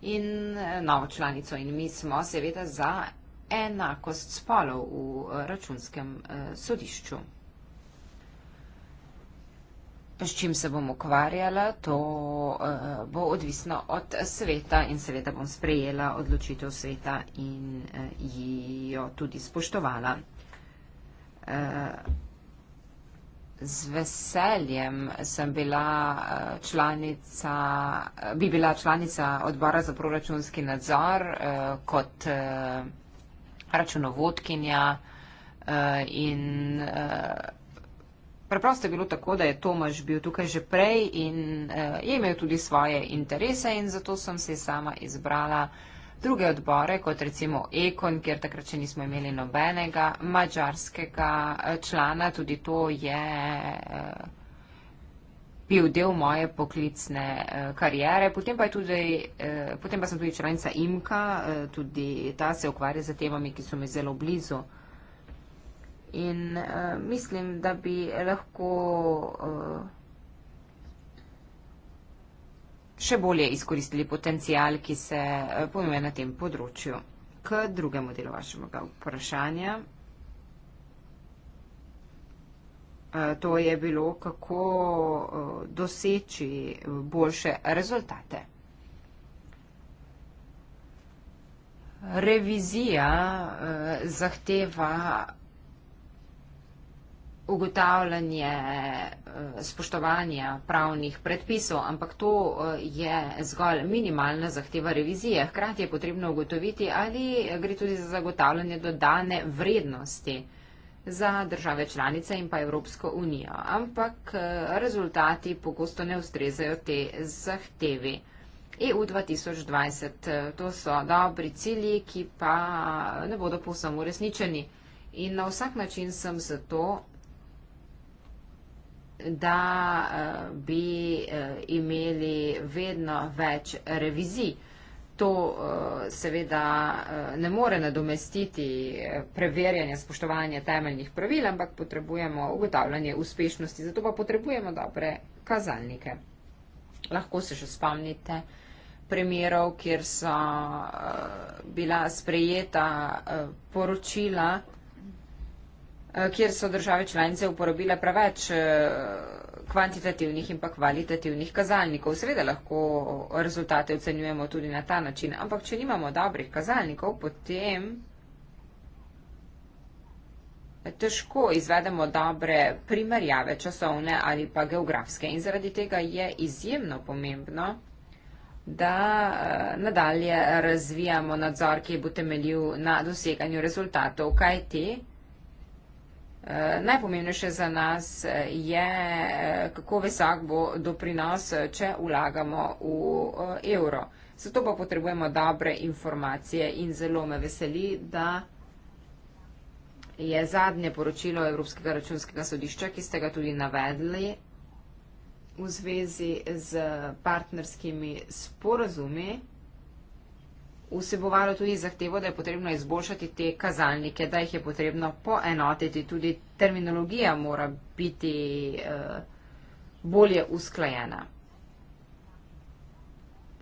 in eh, novo članico in mi smo seveda za enakost spolov v eh, računskem eh, sodišču. S čim se bom ukvarjala, to bo odvisno od sveta in seveda bom sprejela odločitev sveta in jo tudi spoštovala z veseljem sem bila eh, članica, eh, bi bila članica odbora za proračunski nadzor eh, kot računovodkinja in preprosto je bilo tako, da je Tomaž bil tukaj že prej in je imel tudi svoje interese in zato sem se sama izbrala druge odbore, kot recimo Ekon, kjer takrat še nismo imeli nobenega mačarskega eh, člana. Tudi to je eh, bil del moje poklicne eh, karijere. Potem pa, tudi, potem pa sem tudi članica IMKA, tudi ta se ukvarja z temami, ki so mi zelo blizu. In uh, mislim, da bi lahko uh, še bolje izkoristili potencial, ki se eh, ponuje na tem področju. K drugemu delu vašega vprašanja. Eh, to je bilo, kako eh, doseči boljše rezultate. Revizija zahteva ugotavljanje eh, spoštovanja pravnih predpisov, ampak to eh, je zgolj minimalna zahteva revizije. Hkrati je potrebno ugotoviti, ali gre tudi za zagotavljanje dodane vrednosti za države članice in pa Evropsko unijo. Ampak eh, rezultati pogosto ne ustrezajo te zahtevi. EU 2020, to so dobri cilji, ki pa ne bodo povsem uresničeni. In na vsak način sem za to, da eh, bi eh, imeli vedno več revizij. To eh, seveda ne more nadomestiti preverjanja spoštovanja temeljnih pravil, ampak potrebujemo ugotavljanje uspešnosti, zato pa potrebujemo dobre kazalnike. Lahko se še spomnite primerov, kjer so bila sprejeta poročila Eh, kjer so države članice uporabile preveč eh, kvantitativnih in pa kvalitativnih kazalnikov. Seveda lahko rezultate ocenjujemo tudi na ta način, ampak če nimamo dobrih kazalnikov, potem težko izvedemo dobre primerjave časovne ali pa geografske. In zaradi tega je izjemno pomembno, da eh, nadalje razvijamo nadzor, ki bo temeljil na doseganju rezultatov, kaj te. Najpomembnejše za nas eh, je, eh, kako visok bo doprinos, eh, če vlagamo v evro. Zato pa potrebujemo dobre informacije in zelo me veseli, da je zadnje poročilo Evropskega računskega sodišča, ki ste ga tudi navedli v zvezi z partnerskimi sporozumi vsebovalo tudi zahtevo, da je potrebno izboljšati te kazalnike, da jih je potrebno poenotiti, tudi terminologija mora biti eh, bolje usklajena.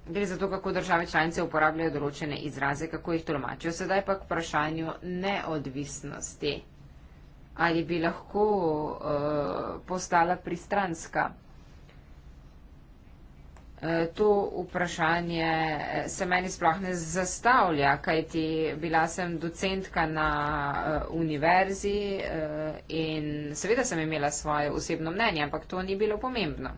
Gre za to, kako države članice uporabljajo določene izraze, kako jih tolmačijo. Sedaj pa k vprašanju neodvisnosti. Ali bi lahko uh, postala pristranska? Eh, to vprašanje eh, se meni sploh ne zastavlja, kajti bila sem docentka na eh, univerzi in seveda sem imela svoje osebno mnenje, ampak to ni bilo pomembno.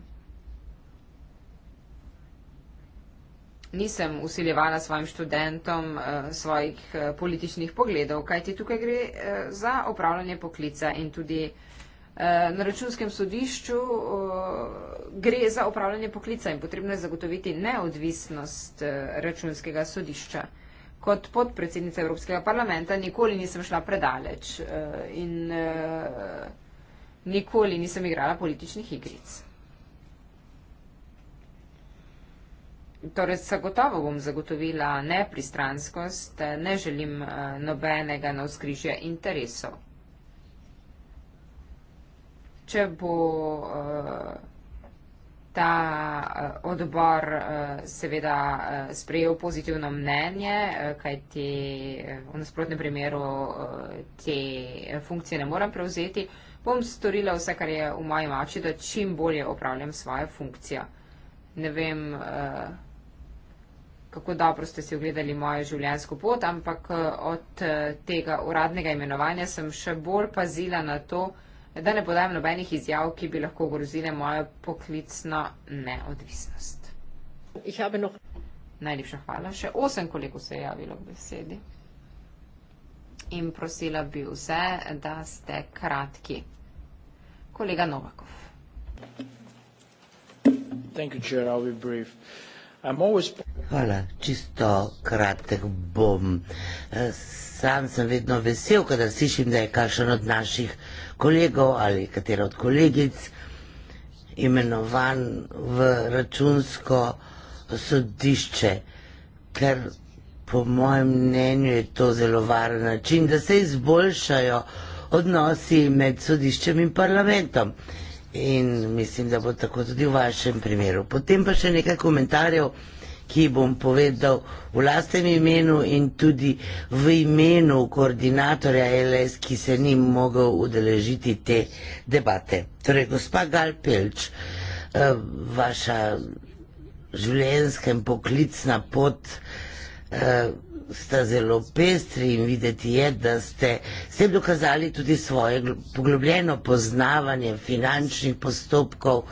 Nisem usiljevala svojim študentom svojih političnih pogledov, kajti tukaj gre za opravljanje poklica in tudi. Eh, na računskem sodišču eh, gre za upravljanje poklica in potrebno je zagotoviti neodvisnost eh, računskega sodišča. Kot podpredsednica Evropskega parlamenta nikoli nisem šla predaleč in nikoli nisem igrala političnih igric. Torej, zagotovo bom zagotovila nepristranskost, ne želim nobenega na vzkrižje interesov če bo eh, ta eh, odbor eh, seveda sprejel pozitivno mnenje, kajti v nasprotnem primeru te funkcije ne morem prevzeti, bom storila vse, kar je v moji mači, da čim bolje opravljam svojo funkcijo. Ne vem, kako dobro ste si ogledali mojo življenjsko pot, ampak od tega uradnega imenovanja sem še bolj pazila na to, da da ne podajam nobenih izjav, ki bi lahko grozile mojo poklicno neodvisnost. Noch... Najlepša hvala. Še osem kolegov se je javilo k besedi. In prosila bi vse, da ste kratki. Kolega Novakov. Thank you, Chair. I'll be brief. Uh, Hvala, čisto kratek bom. Eh, sam sem vedno vesel, kadar slišim, da je kakšen od naših kolegov ali katera od kolegic imenovan v računsko sodišče, ker po mojem mnenju je to zelo varen način, da se izboljšajo odnosi med sodiščem in parlamentom in mislim, da bo tako tudi v vašem primeru. Potem pa še nekaj komentarjev, ki bom povedal v lastnem imenu in tudi v imenu koordinatorja LS, ki se ni mogel udeležiti te debate. Torej, gospa Gal Pelč, eh, vaša življenjska in poklicna pot. Eh, sta zelo pestri in videti je, da ste s tem dokazali tudi svoje poglobljeno poznavanje finančnih postopkov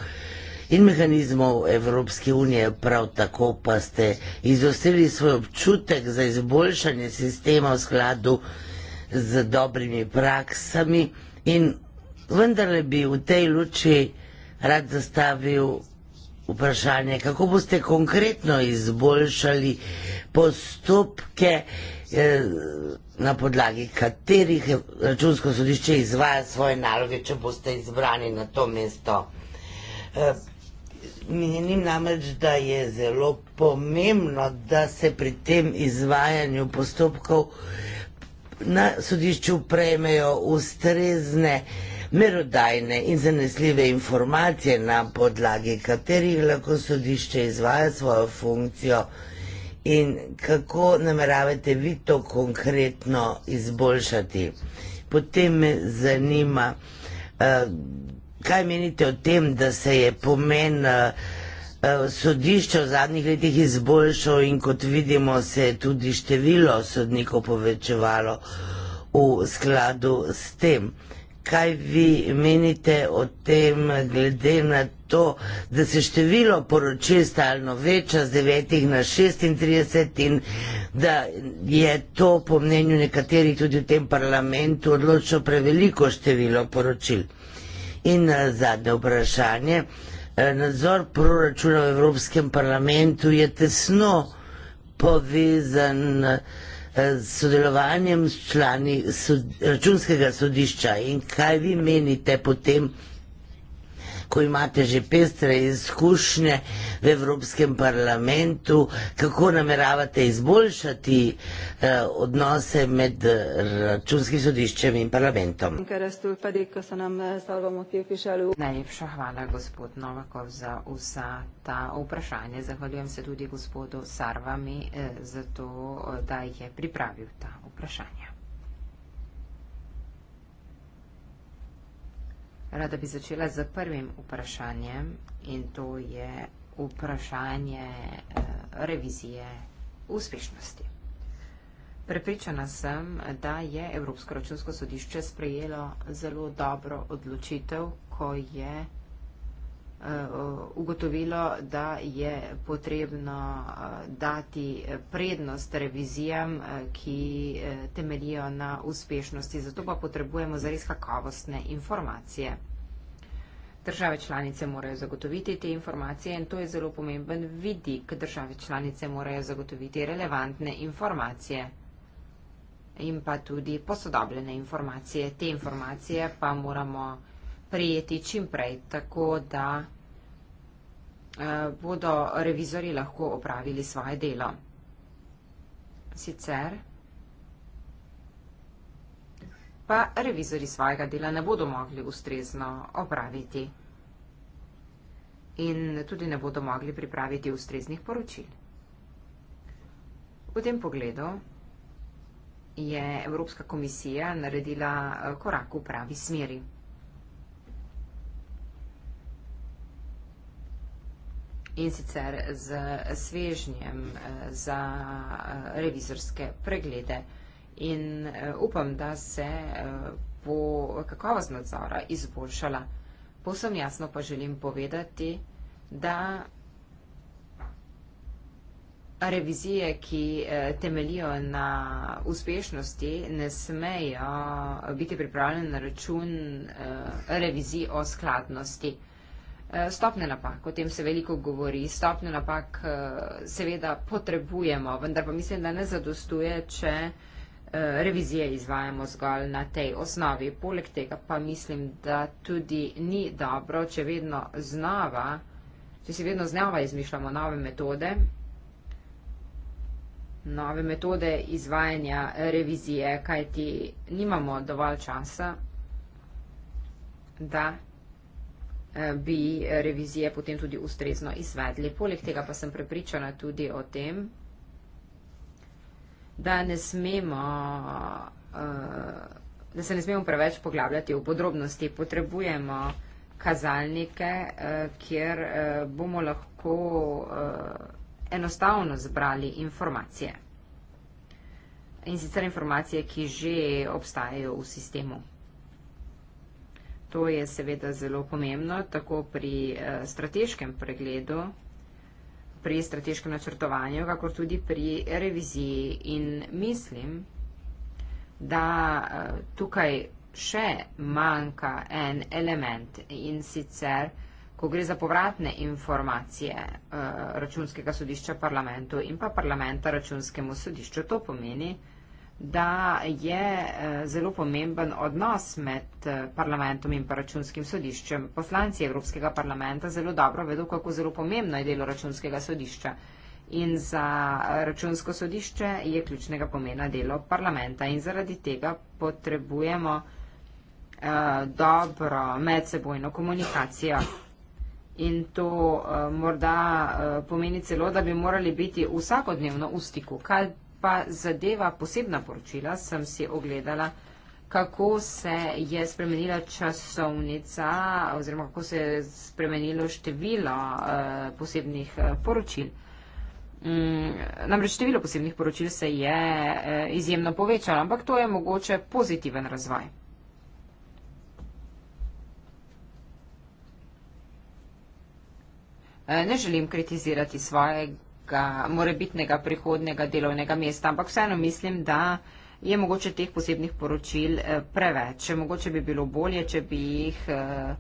in mehanizmov Evropske unije, prav tako pa ste izostrili svoj občutek za izboljšanje sistema v skladu z dobrimi praksami in vendarle bi v tej luči rad zastavil vprašanje, kako boste konkretno izboljšali postopke, eh, na podlagi katerih računsko sodišče izvaja svoje naloge, če boste izbrani na to mesto. Eh, menim namreč, da je zelo pomembno, da se pri tem izvajanju postopkov na sodišču prejmejo ustrezne merodajne in zanesljive informacije, na podlagi katerih lahko sodišče izvaja svojo funkcijo, in kako nameravate vi to konkretno izboljšati. Potem me zanima, eh, kaj menite o tem, da se je pomen eh, sodišča v zadnjih letih izboljšal in kot vidimo, se je tudi število sodnikov povečevalo v skladu s tem kaj vi menite o tem, glede na to, da se število poročil stalno veča z 9 na 36 in da je to po mnenju nekaterih tudi v tem parlamentu odločilo preveliko število poročil. In eh, zadnje vprašanje. Eh, nadzor proračuna v Evropskem parlamentu je tesno povezan eh, Eh, s sodelovanjem s člani sod, računskega sodišča in kaj vi menite potem, ko imate že pestre izkušnje v Evropskem parlamentu, kako nameravate izboljšati eh, odnose med eh, računskim sodiščem in parlamentom. Eh, Najlepša hvala, gospod Novakov, za vsa ta vprašanja. Zahvaljujem se tudi gospodu Sarvami eh, za to, eh, da je pripravil ta vprašanja. Rada bi začela z prvim vprašanjem in to je vprašanje eh, revizije uspešnosti. Prepričana sem, da je Evropsko računsko sodišče sprejelo zelo dobro odločitev, ko je Eh, ugotovilo, da je potrebno eh, dati prednost revizijam, eh, ki temelijo na uspešnosti. Zato pa potrebujemo zares kakovostne informacije. Države članice morajo zagotoviti te informacije in to je zelo pomemben vidik. Države članice morajo zagotoviti relevantne informacije in pa tudi posodobljene informacije. Te informacije pa moramo prijeti čim prej, tako da Eh, bodo revizori lahko opravili svoje delo. Sicer pa revizori svojega dela ne bodo mogli ustrezno opraviti in tudi ne bodo mogli pripraviti ustreznih poročil. V tem pogledu je Evropska komisija naredila eh, korak v pravi smeri. in sicer z svežnjem eh, za eh, revizorske preglede. In eh, upam, da se bo kakovost nadzora izboljšala. Povsem jasno pa želim povedati, da revizije, ki temelijo na uspešnosti, ne smejo biti pripravljene na račun revizij o skladnosti. Eh, stopne napak, o tem se veliko govori, stopne napak eh, seveda potrebujemo, vendar pa mislim, da ne zadostuje, če eh, revizije izvajamo zgolj na tej osnovi. Poleg tega pa mislim, da tudi ni dobro, če vedno znova, če si vedno znova izmišljamo nove metode, nove metode izvajanja revizije, kajti nimamo dovolj časa, da Eh, bi revizije potem tudi ustrezno izvedli. Poleg tega pa sem prepričana tudi o tem, da ne smemo eh, da se ne smemo preveč poglabljati v podrobnosti. Potrebujemo kazalnike, eh, kjer bomo lahko enostavno zbrali informacije. In sicer informacije, ki že obstajajo v sistemu. To je seveda zelo pomembno, tako pri eh, strateškem pregledu, pri strateškem načrtovanju, kako tudi pri reviziji. In mislim, da eh, tukaj še manjka en element in sicer, ko gre za povratne informacije eh, računskega sodišča parlamentu in pa parlamenta računskemu sodišču, to pomeni, da da je eh, zelo pomemben odnos med eh, parlamentom in računskim sodiščem. Poslanci Evropskega parlamenta zelo dobro vedo, kako zelo pomembno je delo računskega sodišča. In za eh, računsko sodišče je ključnega pomena delo parlamenta in zaradi tega potrebujemo uh, dobro medsebojno komunikacijo. In to uh, morda uh, pomeni celo, da bi morali biti vsakodnevno v stiku, kaj pa zadeva posebna poročila, sem si ogledala, kako se je spremenila časovnica oziroma kako se je spremenilo število uh, posebnih uh, poročil. Mm, namreč število posebnih poročil se je uh, izjemno povečalo, ampak to je mogoče pozitiven razvoj. Ne želim kritizirati svojega nekega morebitnega prihodnega delovnega mesta. Ampak vseeno mislim, da je mogoče teh posebnih poročil eh, preveč. Mogoče bi bilo bolje, če bi jih eh,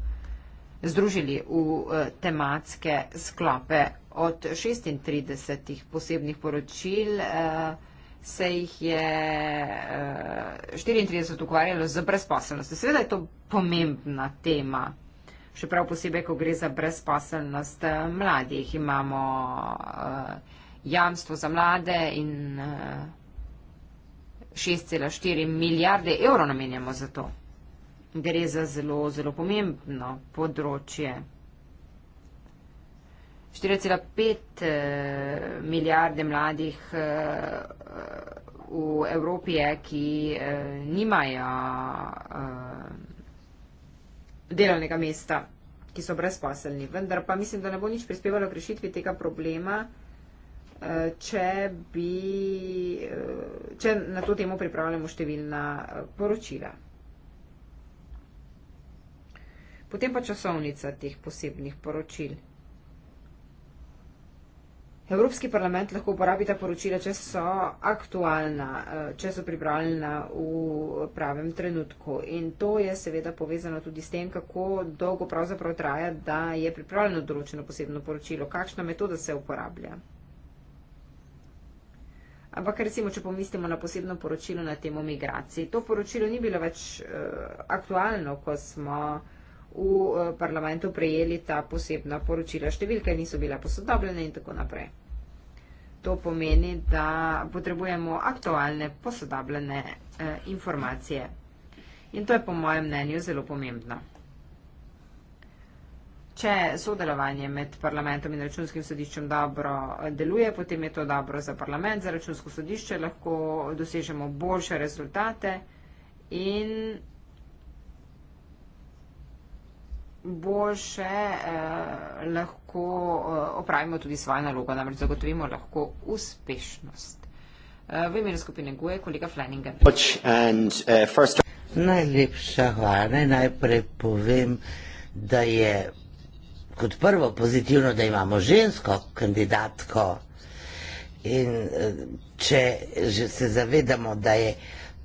združili v eh, tematske sklope. Od 36 posebnih poročil se jih je 34 ukvarjalo z brezposelnostjo. Seveda je to pomembna tema še prav posebej, ko gre za brezposelnost eh, mladih. Imamo uh, jamstvo za mlade in uh, eh, 6,4 milijarde evrov namenjamo za to. Gre za zelo, zelo pomembno področje. 4,5 milijarde mladih v Evropi je, ki nimajo delovnega mesta, ki so brezposelni. Vendar pa mislim, da ne bo nič prispevalo k rešitvi tega problema, eh, če, bi, eh, če na to temo pripravljamo številna eh, poročila. Potem pa časovnica teh posebnih poročil. Evropski parlament lahko uporabi ta poročila, če so aktualna, eh, če so pripravljena v pravem trenutku. In to je seveda povezano tudi s tem, kako dolgo pravzaprav traja, da je pripravljeno določeno posebno poročilo, kakšna metoda se uporablja. Ampak recimo, če pomislimo na posebno poročilo na temo migracij, to poročilo ni bilo več uh, aktualno, ko smo v eh, parlamentu prejeli ta posebna poročila. Številke niso bila posodobljene in tako naprej. To pomeni, da potrebujemo aktualne posodobljene eh, informacije. In to je po mojem mnenju zelo pomembno. Če sodelovanje med parlamentom in računskim sodiščem dobro eh, deluje, potem je to dobro za parlament, za računsko sodišče, lahko dosežemo boljše rezultate in boljše eh, lahko eh, opravimo tudi svojo nalogo, namreč zagotovimo lahko uspešnost. Eh, v imenu skupine Guje, kolega Fleninga. Eh, Najlepša hvala. Najprej povem, da je kot prvo pozitivno, da imamo žensko kandidatko. In eh, če že se zavedamo, da je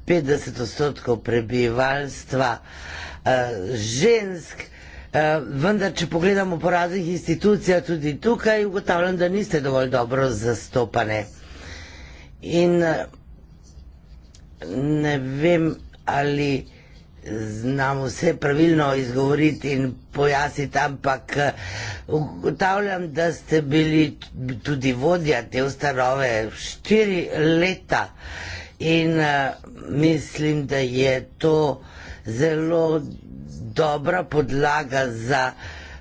50 odstotkov prebivalstva uh, žensk, Eh, vendar, če pogledamo po raznih institucijah, tudi tukaj ugotavljam, da niste dovolj dobro zastopane. In eh, ne vem, ali znam vse pravilno izgovoriti in pojasniti, ampak eh, ugotavljam, da ste bili tudi vodja te ustanove štiri leta in mislim, da je to zelo dobra podlaga za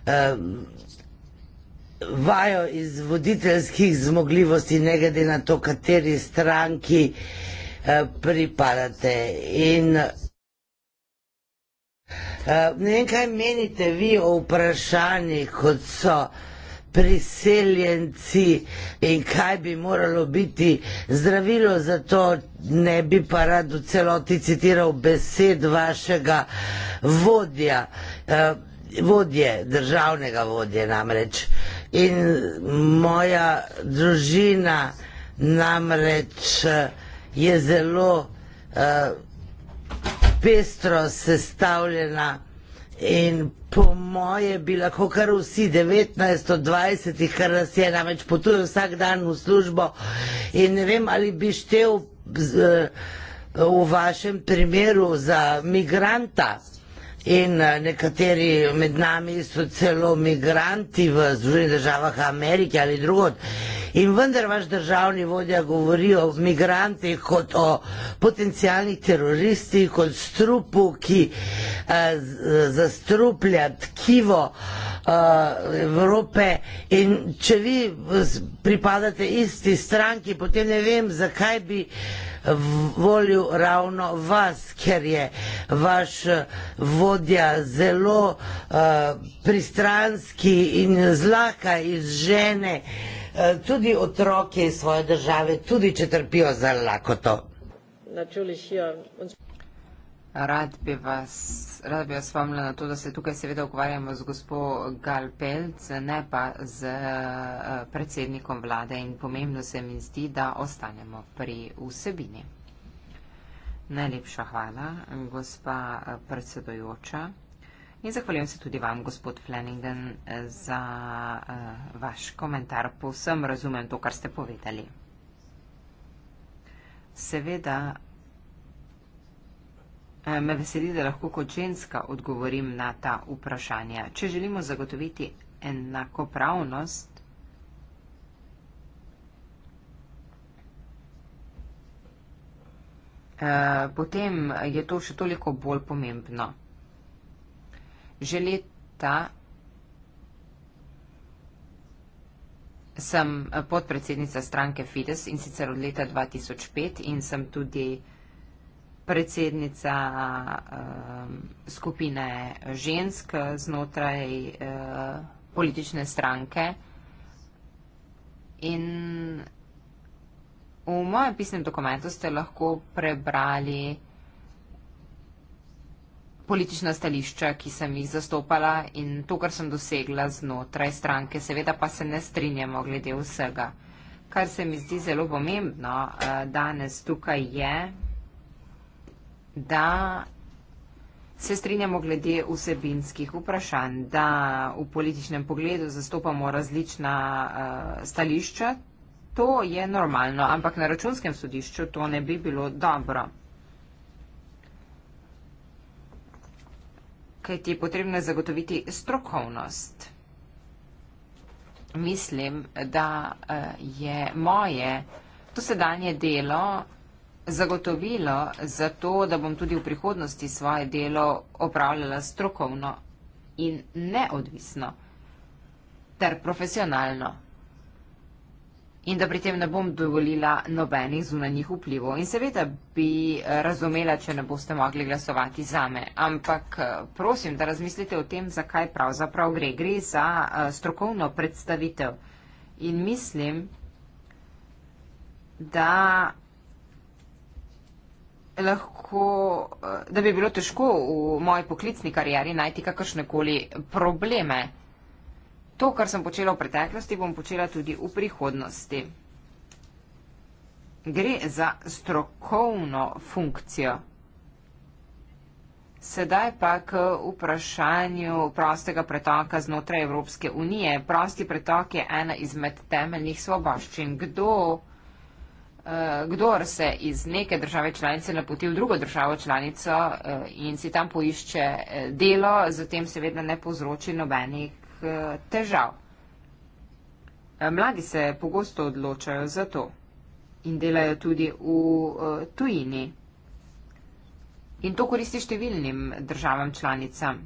eh, vajo iz voditeljskih zmogljivosti, ne glede na to, kateri stranki eh, pripadate. In, eh, ne vem, kaj menite vi o vprašanjih, kot so priseljenci in kaj bi moralo biti zdravilo za to, ne bi pa rad v celoti citiral besed vašega vodja, eh, vodje, državnega vodje namreč. In moja družina namreč eh, je zelo uh, pestro sestavljena. In po moje bi lahko kar vsi 19 od 20, kar nas je, namreč potujejo vsak dan v službo. In ne vem, ali bi štev eh, v vašem primeru za migranta in eh, nekateri med nami so celo migranti v Združenih državah Amerike ali drugod. In vendar vaš državni vodja govori o migrantih kot o potencijalnih teroristih, kot strupu, ki eh, zastruplja tkivo eh, Evrope. In če vi pripadate isti stranki, potem ne vem, zakaj bi volil ravno vas, ker je vaš eh, vodja zelo uh, pristranski in zlaka iz žene uh, tudi otroke iz svoje države, tudi če trpijo za lakoto. Natürlich hier. Ja. Rad bi vas, rad bi vas spomnila na to, da se tukaj seveda ukvarjamo z gospo Gal Pelc, ne pa z eh, predsednikom vlade in pomembno se mi zdi, da ostanemo pri vsebini. Najlepša hvala, gospa eh, predsedojoča. In zahvaljujem se tudi vam, gospod Flanagan, eh, za vaš komentar. Povsem razumem to, kar ste povedali. Seveda Eh, me veseli, da lahko kot ženska odgovorim na ta vprašanja. Če želimo zagotoviti enakopravnost, eh, potem je to še toliko bolj pomembno. Že leta sem podpredsednica stranke Fides in sicer od leta 2005 in sem tudi predsednica uh, skupine žensk znotraj uh, politične stranke. In v mojem pisnem dokumentu ste lahko prebrali politična stališča, ki sem jih zastopala in to, kar sem dosegla znotraj stranke. Seveda pa se ne strinjamo glede vsega. Kar se mi zdi zelo pomembno uh, danes tukaj je, da se strinjamo glede vsebinskih vprašanj, da v političnem pogledu zastopamo različna uh, stališča. To je normalno, ampak na računskem sodišču to ne bi bilo dobro. Kaj ti je potrebno zagotoviti strokovnost? Mislim, da uh, je moje dosedanje delo zagotovilo za to, da bom tudi v prihodnosti svoje delo opravljala strokovno in neodvisno ter profesionalno. In da pri tem ne bom dovolila nobenih zunanjih vplivov. In seveda bi eh, razumela, če ne boste mogli glasovati za me. Ampak eh, prosim, da razmislite o tem, zakaj pravzaprav gre. Gre za eh, strokovno predstavitev. In mislim, da lahko, eh, da bi bilo težko v moji poklicni karieri najti kakršnekoli probleme. To, kar sem počela v preteklosti, bom počela tudi v prihodnosti. Gre za strokovno funkcijo. Sedaj pa k vprašanju prostega pretoka znotraj Evropske unije. Prosti pretok je ena izmed temeljnih svoboščin. Kdo Eh, kdor se iz neke države članice napoti v drugo državo članico eh, in si tam poišče eh, delo, zatem seveda ne povzroči nobenih težav. Mladi se pogosto odločajo za to in delajo tudi v tujini. In to koristi številnim državam članicam.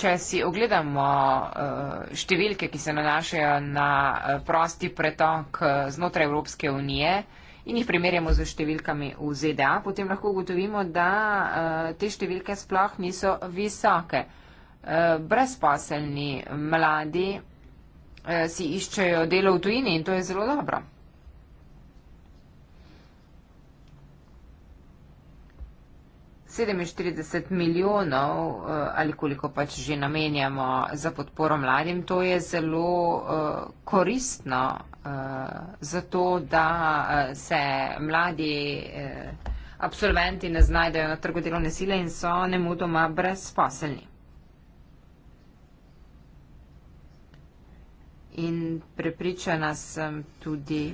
Če si ogledamo eh, številke, ki se nanašajo na eh, prosti pretok eh, znotraj Evropske unije in jih primerjamo z številkami v ZDA, potem lahko ugotovimo, da te številke sploh niso visoke. Brezposelni mladi si iščejo delo v tujini in to je zelo dobro. 47 milijonov eh, ali koliko pač že namenjamo za podporo mladim, to je zelo eh, koristno eh, za to, da se mladi absolventi ne znajdejo na trgu delovne sile in so nemudoma brezposelni. In prepričana sem tudi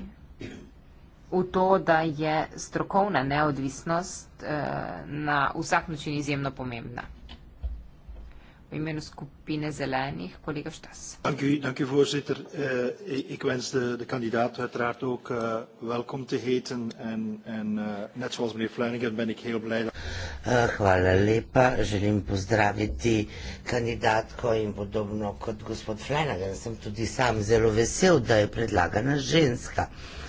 v to, da je strokovna neodvisnost eh, na vsak način izjemno pomembna. V imenu skupine zelenih, kolega Štas. Dank u, dank u voorzitter. Uh, ik wens de, de kandidaat uiteraard ook uh, welkom te heten. En, en uh, net zoals meneer Fleininger ben ik heel blij. Uh, hvala lepa. Želim pozdraviti kandidatko in podobno kot gospod Fleininger. Sem tudi sam zelo vesel, da je predlagana ženska. Uh,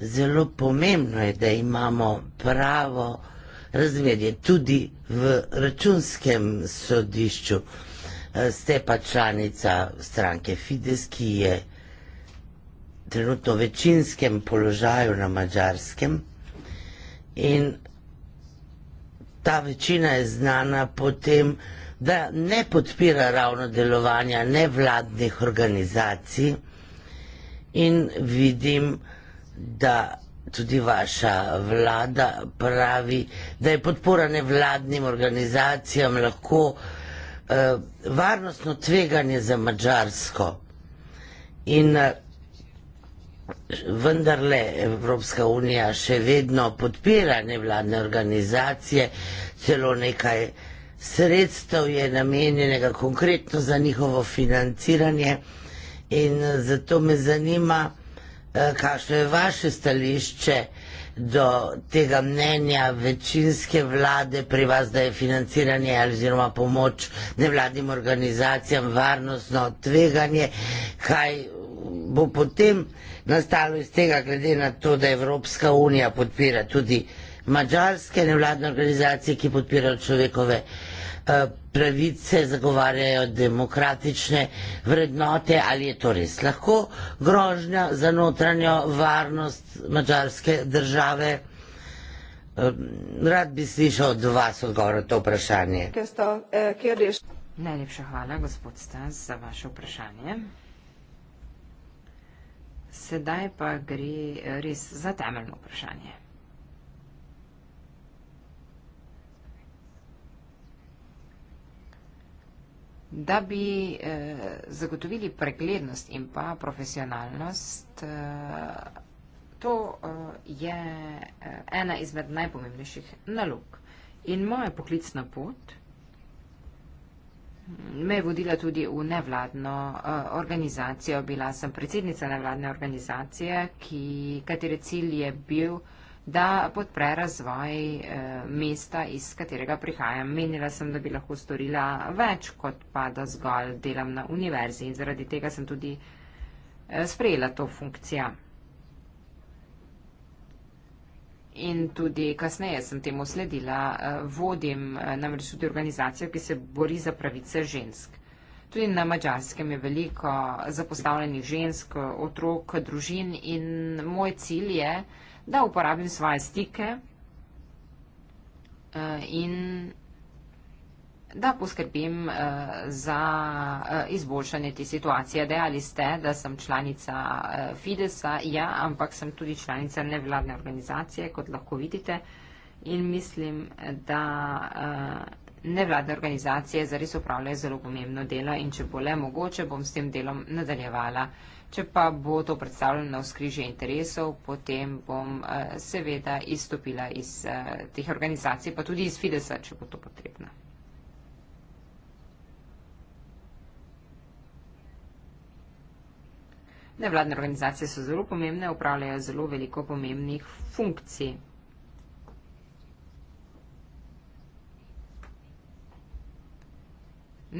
zelo pomembno je, da imamo pravo razmerje tudi v računskem sodišču. Eh, ste pa članica stranke Fides, ki je trenutno v večinskem položaju na mačarskem in ta večina je znana potem, da ne podpira ravno delovanja nevladnih organizacij in vidim, da da tudi vaša vlada pravi, da je podpora nevladnim organizacijam lahko eh, varnostno tveganje za Mačarsko. In eh, vendarle Evropska unija še vedno podpira nevladne organizacije, celo nekaj sredstev je namenjenega konkretno za njihovo financiranje. In eh, zato me zanima, Eh, kakšno je vaše stališče do tega mnenja večinske vlade pri vas, da je financiranje oziroma pomoč nevladnim organizacijam varnostno tveganje, kaj bo potem nastalo iz tega, glede na to, da Evropska unija podpira tudi mađarske nevladne organizacije, ki podpirajo človekove Eh, pravice, zagovarjajo demokratične vrednote, ali je to res lahko grožnja za notranjo varnost mačarske države? Eh, rad bi slišal od vas odgovor na to vprašanje. Najlepša hvala, gospod Stas, za vaše vprašanje. Sedaj pa gre eh, res za temeljno vprašanje. da bi eh, zagotovili preglednost in pa profesionalnost. Eh, to eh, je eh, ena izmed najpomembnejših nalog. In moja poklicna pot me je vodila tudi v nevladno eh, organizacijo. Bila sem predsednica nevladne organizacije, ki, katere cilj je bil eh, da podpre razvoj eh, mesta, iz katerega prihajam. Menila sem, da bi lahko storila več, kot pa da zgolj delam na univerzi in zaradi tega sem tudi eh, sprejela to funkcijo. In tudi kasneje sem temu sledila, eh, vodim namreč tudi organizacijo, ki se bori za pravice žensk. Tudi na mačarskem je veliko zapostavljenih žensk, otrok, družin in moj cilj je, da uporabim svoje stike eh, in da poskrbim eh, za eh, izboljšanje te situacije. Dejali ste, da sem članica Fidesa, ja, ampak sem tudi članica nevladne organizacije, kot lahko vidite. In mislim, da nevladne organizacije zares upravljajo zelo pomembno delo in če bo le mogoče, bom s tem delom nadaljevala. Če pa bo to predstavljeno v skrižje interesov, potem bom eh, seveda izstopila iz eh, teh organizacij, pa tudi iz Fidesa, če bo to potrebno. Nevladne organizacije so zelo pomembne, upravljajo zelo veliko pomembnih funkcij.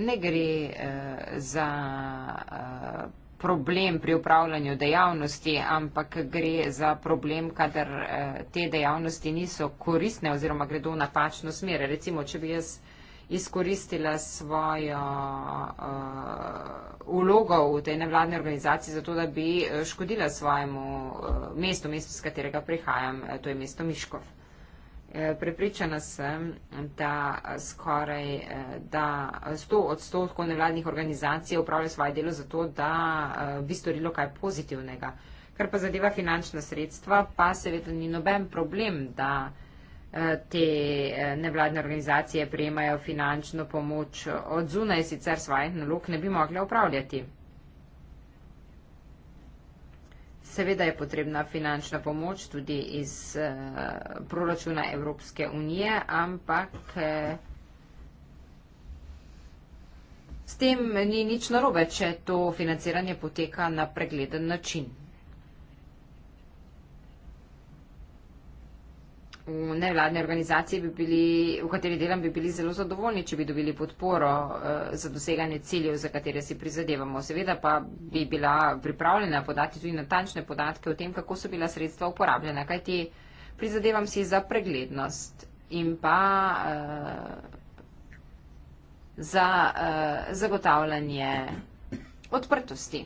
Ne gre eh, za pomembnih funkcij problem pri upravljanju dejavnosti, ampak gre za problem, kadar eh, te dejavnosti niso koristne oziroma gredo v napačno smer. Recimo, če bi jaz izkoristila svojo uh, eh, ulogo v tej nevladni organizaciji zato, da bi eh, škodila svojemu uh, mestu, mestu, z katerega prihajam, to je mesto Miškov. Eh, prepričana sem, da skoraj eh, da 100 odstotkov nevladnih organizacij upravlja svoje delo za to, da eh, bi storilo kaj pozitivnega. Kar pa zadeva finančna sredstva, pa seveda ni noben problem, da te nevladne organizacije prejemajo finančno pomoč od zunaj, sicer svojih nalog ne bi mogle upravljati. Seveda je potrebna finančna pomoč tudi iz uh, proračuna Evropske unije, ampak uh, s tem ni nič narobe, če to financiranje poteka na pregleden način. v nevladne organizacije, bi bili, v kateri delam, bi bili zelo zadovoljni, če bi dobili podporo eh, za doseganje ciljev, za katere si prizadevamo. Seveda pa bi bila pripravljena podati tudi natančne podatke o tem, kako so bila sredstva uporabljena, kajti prizadevam si za preglednost in pa uh, za uh, zagotavljanje odprtosti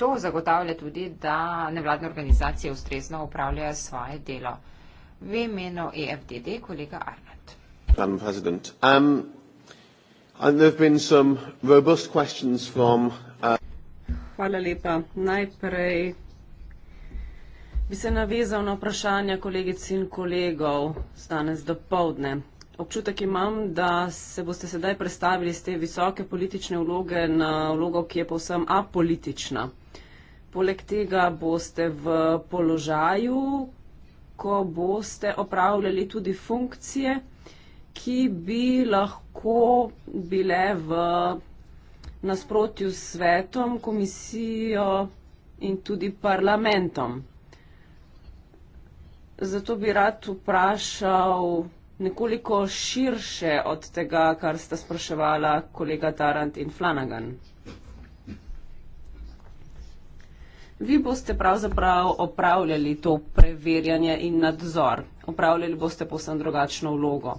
to zagotavlja tudi, da nevladne organizacije ustrezno upravljajo svoje delo. V imenu EFDD, kolega Arnold. Um, uh, uh, Hvala lepa. Najprej bi se navezal na vprašanje kolegic in kolegov z danes do povdne. Občutek imam, da se boste sedaj predstavili z te visoke politične vloge na vlogo, ki je povsem apolitična. Poleg tega boste v položaju, ko boste opravljali tudi funkcije, ki bi lahko bile v nasprotju s svetom, komisijo in tudi parlamentom. Zato bi rad vprašal nekoliko širše od tega, kar sta spraševala kolega Tarant in Flanagan. Vi boste pravzaprav opravljali to preverjanje in nadzor. Opravljali boste povsem drugačno vlogo.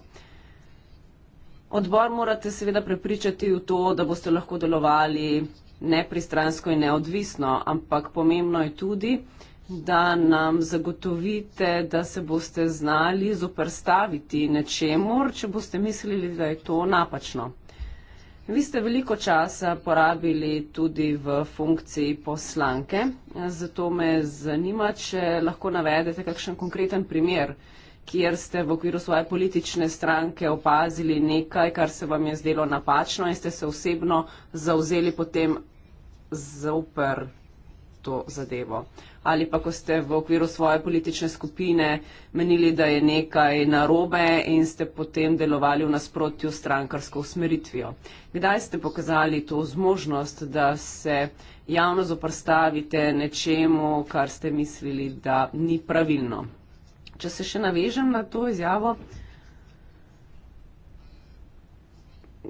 Odbor morate seveda prepričati v to, da boste lahko delovali nepristransko in neodvisno, ampak pomembno je tudi, da nam zagotovite, da se boste znali zoprstaviti nečemu, če boste mislili, da je to napačno. Vi ste veliko časa porabili tudi v funkciji poslanke, zato me zanima, če lahko navedete kakšen konkreten primer, kjer ste v okviru svoje politične stranke opazili nekaj, kar se vam je zdelo napačno in ste se osebno zauzeli potem zoper to zadevo. Ali pa, ko ste v okviru svoje politične skupine menili, da je nekaj narobe in ste potem delovali v nasprotju s strankarsko usmeritvijo. Kdaj ste pokazali to zmožnost, da se javno zoprstavite nečemu, kar ste mislili, da ni pravilno? Če se še navežem na to izjavo.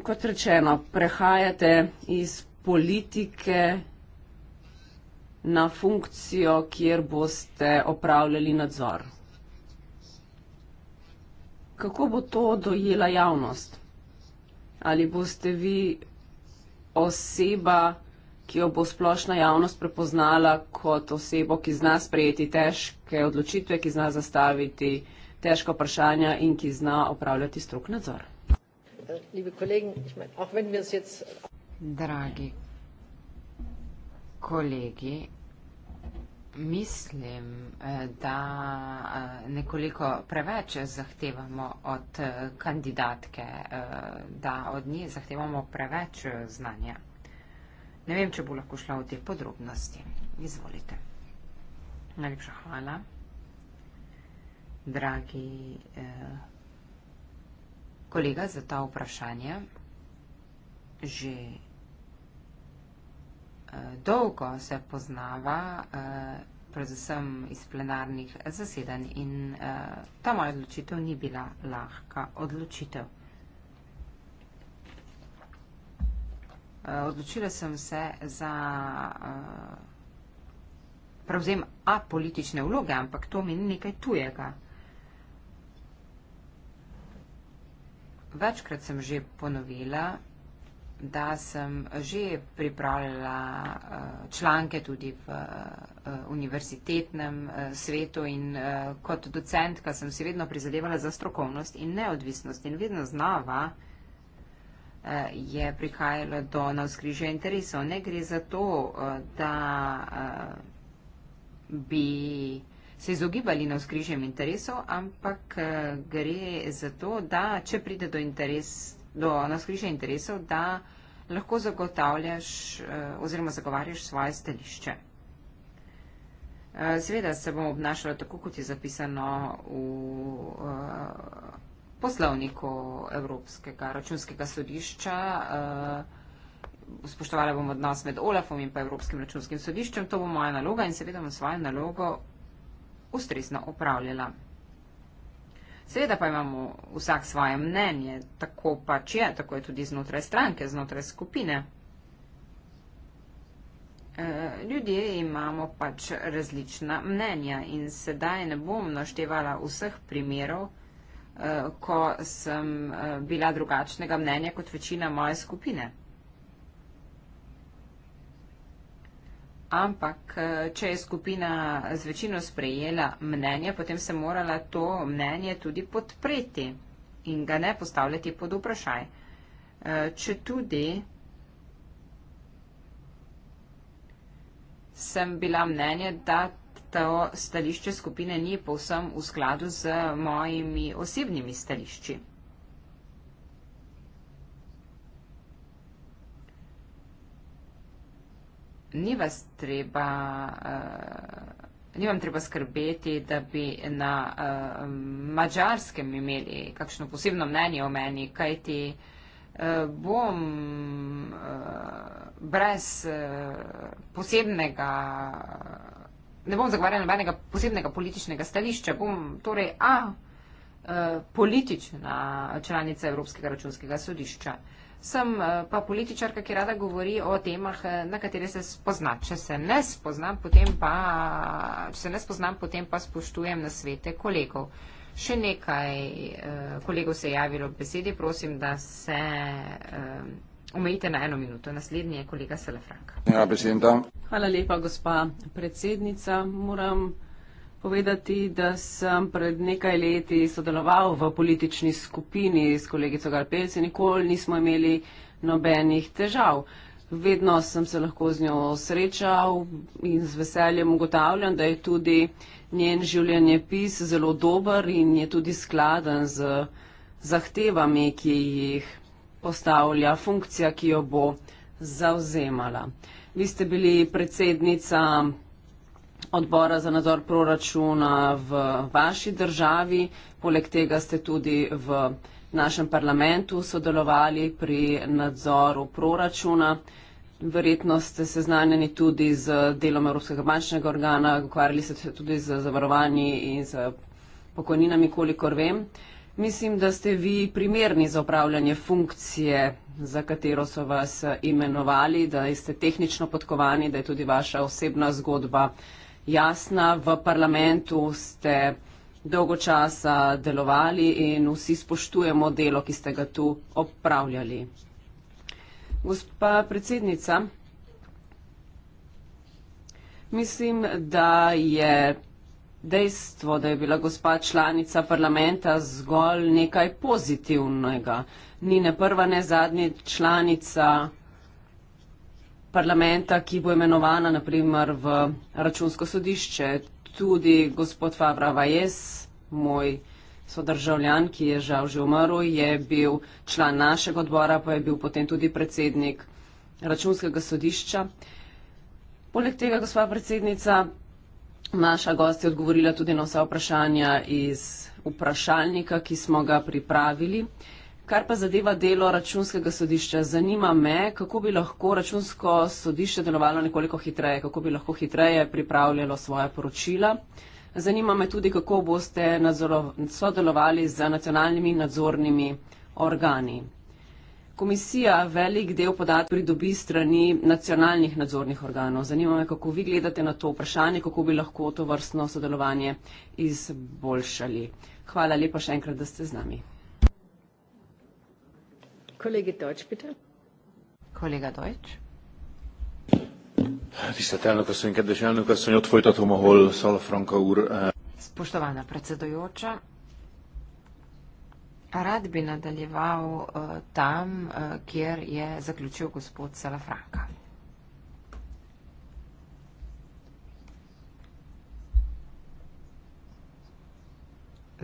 Kot rečeno, prehajate iz politike na funkcijo, kjer boste opravljali nadzor. Kako bo to dojela javnost? Ali boste vi oseba, ki jo bo splošna javnost prepoznala kot osebo, ki zna sprejeti težke odločitve, ki zna zastaviti težko vprašanja in ki zna opravljati strok nadzor? Dragi kolegi, mislim, eh, da eh, nekoliko preveč zahtevamo od eh, kandidatke, da od nje zahtevamo preveč znanja. Ne vem, če bo lahko šla v te podrobnosti. Izvolite. Najlepša hvala, dragi kolega, za ta vprašanje. Že Eh, dolgo se poznava, eh, predvsem iz plenarnih zasedanj in eh, ta moja odločitev ni bila lahka odločitev. Odločila sem se za pravzem apolitične vloge, ampak to mi ni nekaj tujega. Večkrat sem že ponovila, da da sem že pripravljala eh, članke tudi v eh, univerzitetnem eh, svetu in kot docentka sem si vedno prizadevala za strokovnost in neodvisnost in vedno znava je prihajalo do navskrižja interesov. Ne gre za to, da bi se izogibali na vzkrižjem interesov, ampak gre za to, da če pride do interesa, do navskrižja interesov, da lahko zagotavljaš eh, oziroma zagovarjaš svoje stališče. Eh, seveda se bom obnašala tako, kot je zapisano v eh, poslovniku Evropskega računskega sodišča. Spoštovala bom odnos med Olafom in pa Evropskim računskim sodiščem. To bo moja naloga in seveda bom svojo nalogo ustrezno opravljala. Seveda pa imamo vsak svoje mnenje, tako pač je, tako je tudi znotraj stranke, znotraj skupine. E, ljudje imamo pač različna mnenja in sedaj ne bom naštevala vseh primerov, e, ko sem e, bila drugačnega mnenja kot večina moje skupine. ampak eh, če je skupina z večino sprejela mnenje, potem se morala to mnenje tudi podpreti in ga ne postavljati pod vprašaj. Eh, če tudi sem bila mnenje, da to stališče skupine ni povsem v skladu z mojimi osebnimi stališči. ni vas treba, uh, ni vam treba skrbeti, da bi na uh, eh, mačarskem imeli kakšno posebno mnenje o meni, kajti uh, bom uh, brez uh, posebnega, ne bom zagovarjala nobenega posebnega političnega stališča, bom torej A, uh, politična članica Evropskega računskega sodišča. Uh, sem eh, pa političarka, ki rada govori o temah, eh, na katere se spozna. Če se ne spoznam, potem pa, se ne spoznam, potem pa spoštujem na svete kolegov. Še nekaj eh, kolegov se je javilo v besedi, prosim, da se omejite na eno minuto. Naslednji je kolega Selefrank. Ja, Hvala lepa, gospa predsednica. Moram povedati, da sem pred nekaj leti sodeloval v politični skupini s kolegico Galpelce, nikoli nismo imeli nobenih težav. Vedno sem se lahko z njo srečal in z veseljem ugotavljam, da je tudi njen življenje pis zelo dober in je tudi skladen z zahtevami, ki jih postavlja funkcija, ki jo bo zauzemala. Vi ste bili predsednica odbora za nadzor proračuna v vaši državi. Poleg tega ste tudi v našem parlamentu sodelovali pri nadzoru proračuna. Verjetno ste seznanjeni tudi z delom Evropskega bančnega organa, ukvarjali ste se tudi z zavarovanji in z pokojninami, kolikor vem. Mislim, da ste vi primerni za upravljanje funkcije, za katero so vas imenovali, da ste tehnično podkovani, da je tudi vaša osebna zgodba uh, jasna, v parlamentu ste dolgo časa delovali in vsi spoštujemo delo, ki ste ga tu opravljali. Gospa predsednica, mislim, da je dejstvo, da je bila gospa članica parlamenta zgolj nekaj pozitivnega. Ni ne prva, ne zadnja članica parlamenta parlamenta, ki bo imenovana naprimer v računsko sodišče. Tudi gospod Favra Vajes, moj sodržavljan, ki je žal že umrl, je bil član našega odbora, pa je bil potem tudi predsednik računskega sodišča. Poleg tega, gospod predsednica, naša gost je odgovorila tudi na vsa vprašanja iz vprašalnika, ki smo ga pripravili. Kar pa zadeva delo računskega sodišča, zanima me, kako bi lahko računsko sodišče delovalo nekoliko hitreje, kako bi lahko hitreje pripravljalo svoje poročila. Zanima me tudi, kako boste sodelovali z nacionalnimi nadzornimi organi. Komisija velik del podatkov pridobi strani nacionalnih nadzornih organov. Zanima me, kako vi gledate na to vprašanje, kako bi lahko to vrstno sodelovanje izboljšali. Hvala lepa še enkrat, da ste z nami. Kollege Deutsch, bitte. Kollege Deutsch. Eh, Spoštovana predsedojoča, rad bi nadaljeval eh, tam, eh, kjer je zaključil gospod Salafranka.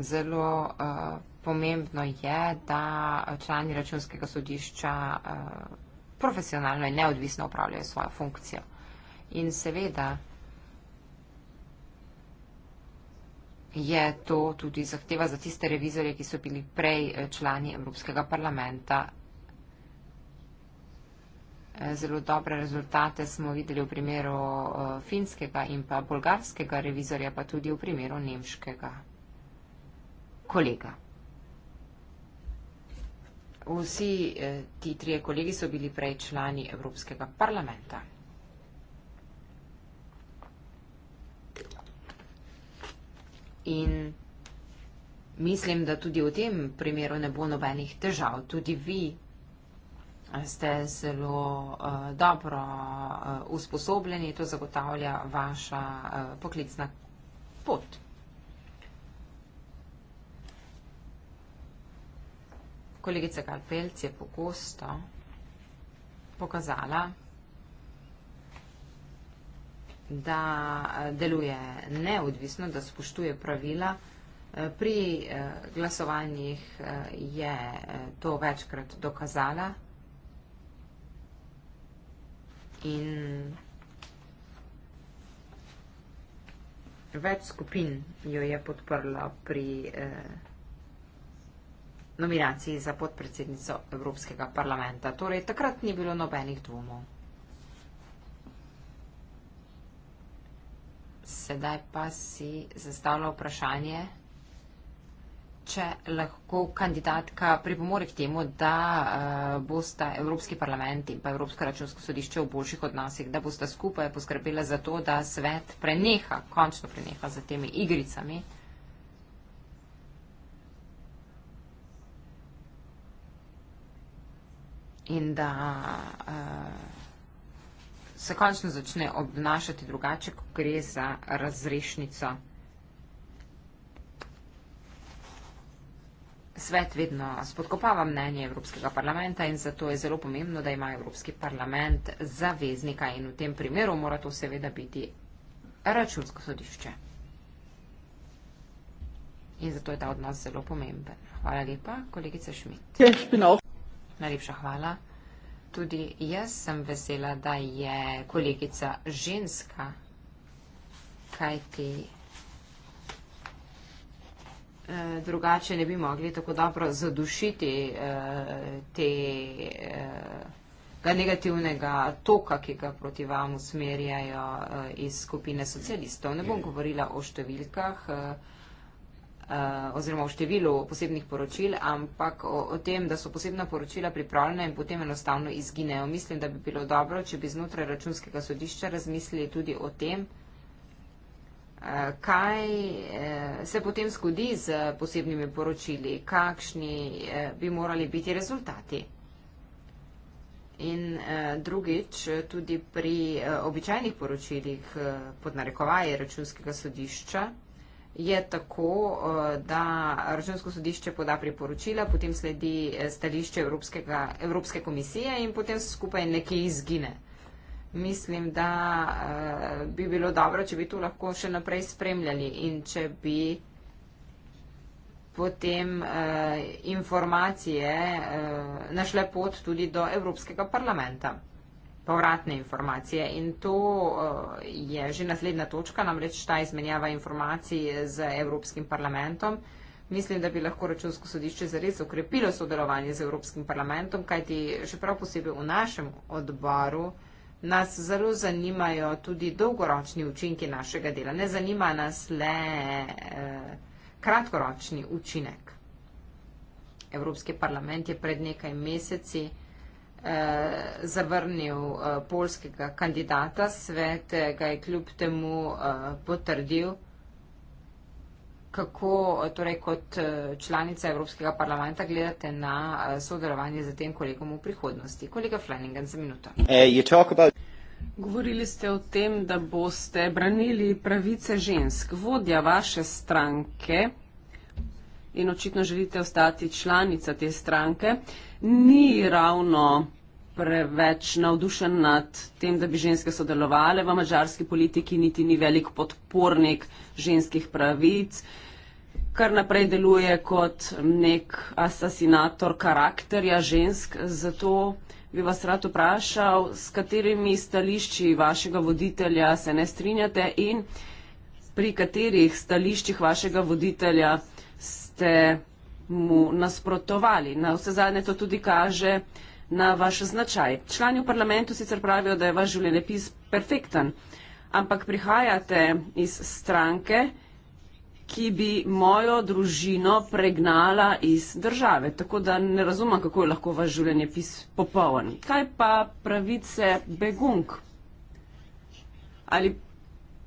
zelo uh, pomembno je, da člani računskega sodišča uh, profesionalno in neodvisno upravljajo svojo funkcijo. In seveda je to tudi zahteva za tiste revizorje, ki so bili prej eh, člani Evropskega parlamenta. Zelo dobre rezultate smo videli v primeru finskega in pa bolgarskega revizorja, pa tudi v primeru nemškega kolega. Vsi eh, ti trije kolegi so bili prej člani Evropskega parlamenta. In mislim, da tudi v tem primeru ne bo nobenih težav. Tudi vi eh, ste zelo uh, dobro uh, usposobljeni, to zagotavlja vaša uh, poklicna pot. kolegica Karpelc je pogosto pokazala, da eh, deluje neodvisno, da spoštuje pravila. Eh, pri eh, glasovanjih je to večkrat dokazala in več skupin jo je podprla pri glasovanju nominaciji za podpredsednico Evropskega parlamenta. Torej, takrat ni bilo nobenih dvomov. Sedaj pa si zastavlja vprašanje, če lahko kandidatka pripomore k temu, da eh, bosta Evropski parlament in pa Evropsko računsko sodišče v boljših odnosih, da bosta skupaj poskrbela za to, da svet preneha, končno preneha za temi igricami. in da uh, se končno začne obnašati drugače, ko gre za razrešnico. Svet vedno spodkopava mnenje Evropskega parlamenta in zato je zelo pomembno, da ima Evropski parlament zaveznika in v tem primeru mora to seveda biti računsko sodišče. In zato je ta odnos zelo pomemben. Hvala lepa, kolegica Šmit. Najlepša hvala. Tudi jaz sem vesela, da je kolegica ženska, kajti eh, drugače ne bi mogli tako dobro zadušiti eh, tega eh, negativnega toka, ki ga proti vam usmerjajo iz skupine socialistov. Ne bom govorila o številkah. Eh, oziroma o številu posebnih poročil, ampak o, o tem, da so posebna poročila pripravljena in potem enostavno izginejo. Mislim, da bi bilo dobro, če bi znotraj računskega sodišča razmislili tudi o tem, eh, kaj eh, se potem zgodi z posebnimi poročili, kakšni bi morali biti rezultati. In drugič, tudi pri običajnih poročilih pod narekovaje računskega sodišča, je tako, eh, da Računsko sodišče poda priporočila, potem sledi eh, stališče Evropskega, Evropske komisije in potem se skupaj nekje izgine. Mislim, da eh, bi bilo dobro, če bi to lahko še naprej spremljali in če bi potem informacije našle pot tudi do Evropskega parlamenta povratne informacije in to eh, je že naslednja točka, namreč ta izmenjava informacij z Evropskim parlamentom. Mislim, da bi lahko računsko sodišče zares ukrepilo sodelovanje z Evropskim parlamentom, kajti še prav posebej v našem odboru nas zelo zanimajo tudi dolgoročni učinki našega dela. Ne zanima nas le eh, kratkoročni učinek. Evropski parlament je pred nekaj meseci Eh, zavrnil eh, polskega kandidata, svet ga je kljub temu eh, potrdil. Kako torej kot članica Evropskega parlamenta gledate na sodelovanje z tem kolegom v prihodnosti? Kolega Flanagan, za minuto. Govorili ste o tem, da boste branili pravice žensk. Vodja vaše stranke, in očitno želite ostati članica te stranke, ni ravno preveč navdušen nad tem, da bi ženske sodelovale v mađarski politiki, niti ni velik podpornik ženskih pravic, kar naprej deluje kot nek asasinator karakterja žensk. Zato bi vas rad vprašal, s katerimi stališči vašega voditelja se ne strinjate in pri katerih stališčih vašega voditelja ste mu nasprotovali. Na vse zadnje to tudi kaže na vaš značaj. Člani v parlamentu sicer pravijo, da je vaš življenjepis perfekten, ampak prihajate iz stranke, ki bi mojo družino pregnala iz države. Tako da ne razumem, kako je lahko vaš življenjepis popoln. Kaj pa pravice begunk? Ali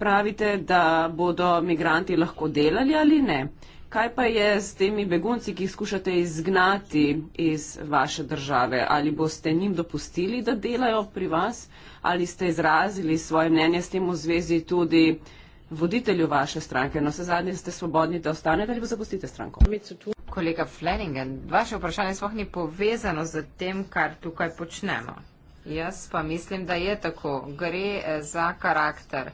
pravite, da bodo migranti lahko delali ali ne? Kaj pa je s temi begunci, ki jih skušate izgnati iz vaše države? Ali boste njim dopustili, da delajo pri vas? Ali ste izrazili svoje mnenje s tem v zvezi tudi voditelju vaše stranke? Na no, vse zadnje ste svobodni, da ostanete ali zapustite stranko? Kolega Fleningen, vaše vprašanje sploh ni povezano z tem, kar tukaj počnemo. Jaz pa mislim, da je tako. Gre eh, za karakter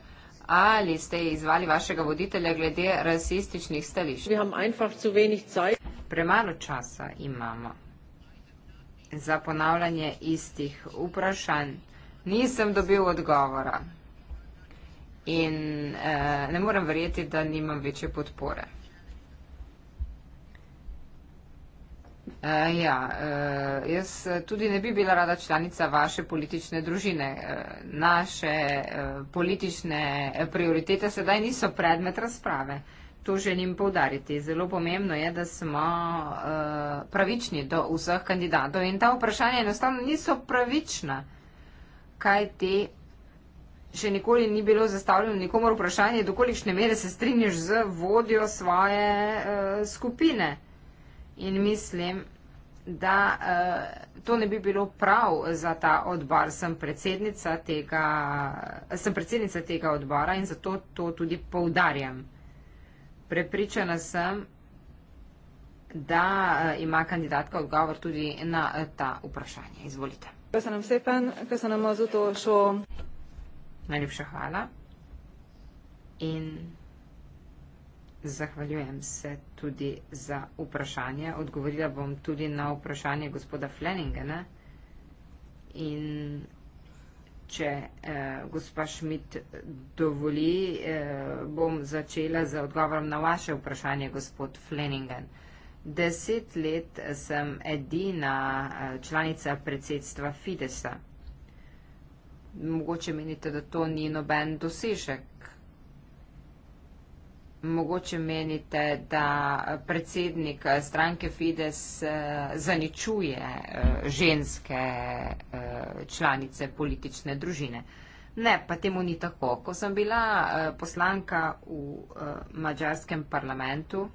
ali ste izvali vašega voditelja glede rasističnih stališč. Premalo časa imamo za ponavljanje istih vprašanj. Nisem dobil odgovora in eh, ne morem verjeti, da nimam večje podpore. Uh, ja, uh, jaz tudi ne bi bila rada članica vaše politične družine. Uh, naše uh, politične prioritete sedaj niso predmet razprave. To želim povdariti. Zelo pomembno je, da smo uh, pravični do vseh kandidatov in ta vprašanja enostavno niso pravična, kaj ti še nikoli ni bilo zastavljeno nikomor vprašanje, dokolikšne mere se strinješ z vodjo svoje uh, skupine. In mislim, da uh, to ne bi bilo prav za ta odbor. Sem predsednica, tega, sem predsednica tega odbora in zato to tudi poudarjam. Prepričana sem, da uh, ima kandidatka odgovor tudi na uh, ta vprašanje. Izvolite. Kaj se nam vse pen, kaj se nam za to šlo? Najlepša hvala. In... Zahvaljujem se tudi za vprašanje. Odgovorila bom tudi na vprašanje gospoda Flanningena. In če eh, gospa Šmit dovoli, eh, bom začela z odgovorom na vaše vprašanje, gospod Flanningen. Deset let sem edina eh, članica predsedstva Fidesa. Mogoče menite, da to ni noben dosežek mogoče menite, da predsednik stranke Fides eh, zaničuje eh, ženske eh, članice politične družine. Ne, pa temu ni tako. Ko sem bila poslanka v mađarskem parlamentu,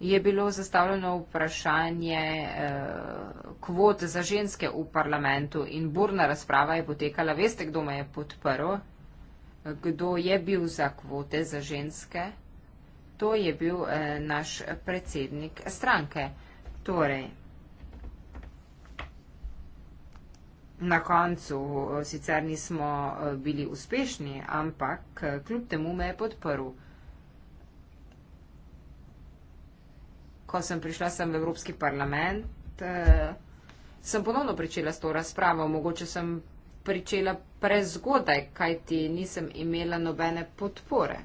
je bilo zastavljeno vprašanje kvot za ženske v parlamentu in burna razprava je potekala. Veste, kdo me je podprl? kdo je bil za kvote za ženske, to je bil eh, naš predsednik stranke. Torej, na koncu eh, sicer nismo eh, bili uspešni, ampak eh, kljub temu me je podprl. Ko sem prišla sem v Evropski parlament, eh, sem ponovno pričela s to razpravo, mogoče sem pričela prezgodaj, kajti nisem imela nobene podpore.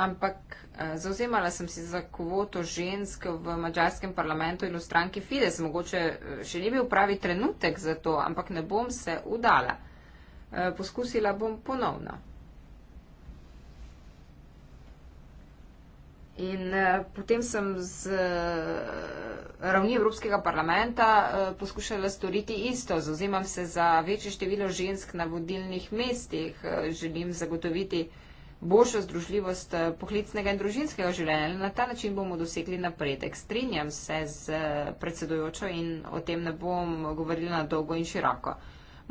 Ampak eh, zauzemala sem se za kvoto žensk v mačarskem parlamentu in v stranki Fides. Mogoče eh, še ni bil pravi trenutek za to, ampak ne bom se udala. Eh, poskusila bom ponovno. In uh, potem sem z uh, ravni Evropskega parlamenta uh, poskušala storiti isto. Zauzemam se za večje število žensk na vodilnih mestih. Uh, želim zagotoviti boljšo združljivost uh, poklicnega in družinskega življenja. Na ta način bomo dosegli napredek. Strinjam se z uh, predsedojočo in o tem ne bom govorila na dolgo in široko.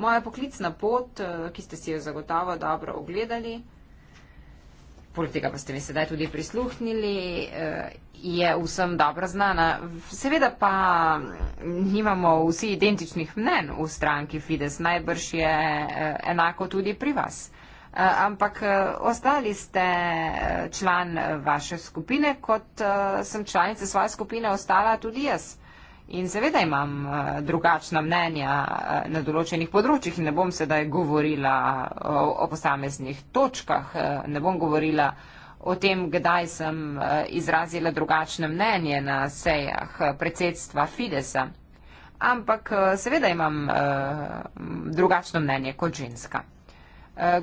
Moja poklicna pot, uh, ki ste si jo zagotovo dobro ogledali, uh, poleg tega pa ste mi sedaj tudi prisluhnili, eh, je vsem dobro znana. Seveda pa nimamo vsi identičnih mnen v stranki Fides, najbrž je eh, enako tudi pri vas. Eh, ampak ostali ste član vaše skupine, kot sem članica svoje skupine ostala tudi jaz. In seveda imam eh, drugačna mnenja eh, na določenih področjih in ne bom sedaj govorila eh, o, o posameznih točkah, ne bom govorila o tem, kdaj sem izrazila drugačne mnenje na sejah predsedstva Fidesa. Ampak seveda imam drugačno mnenje kot ženska.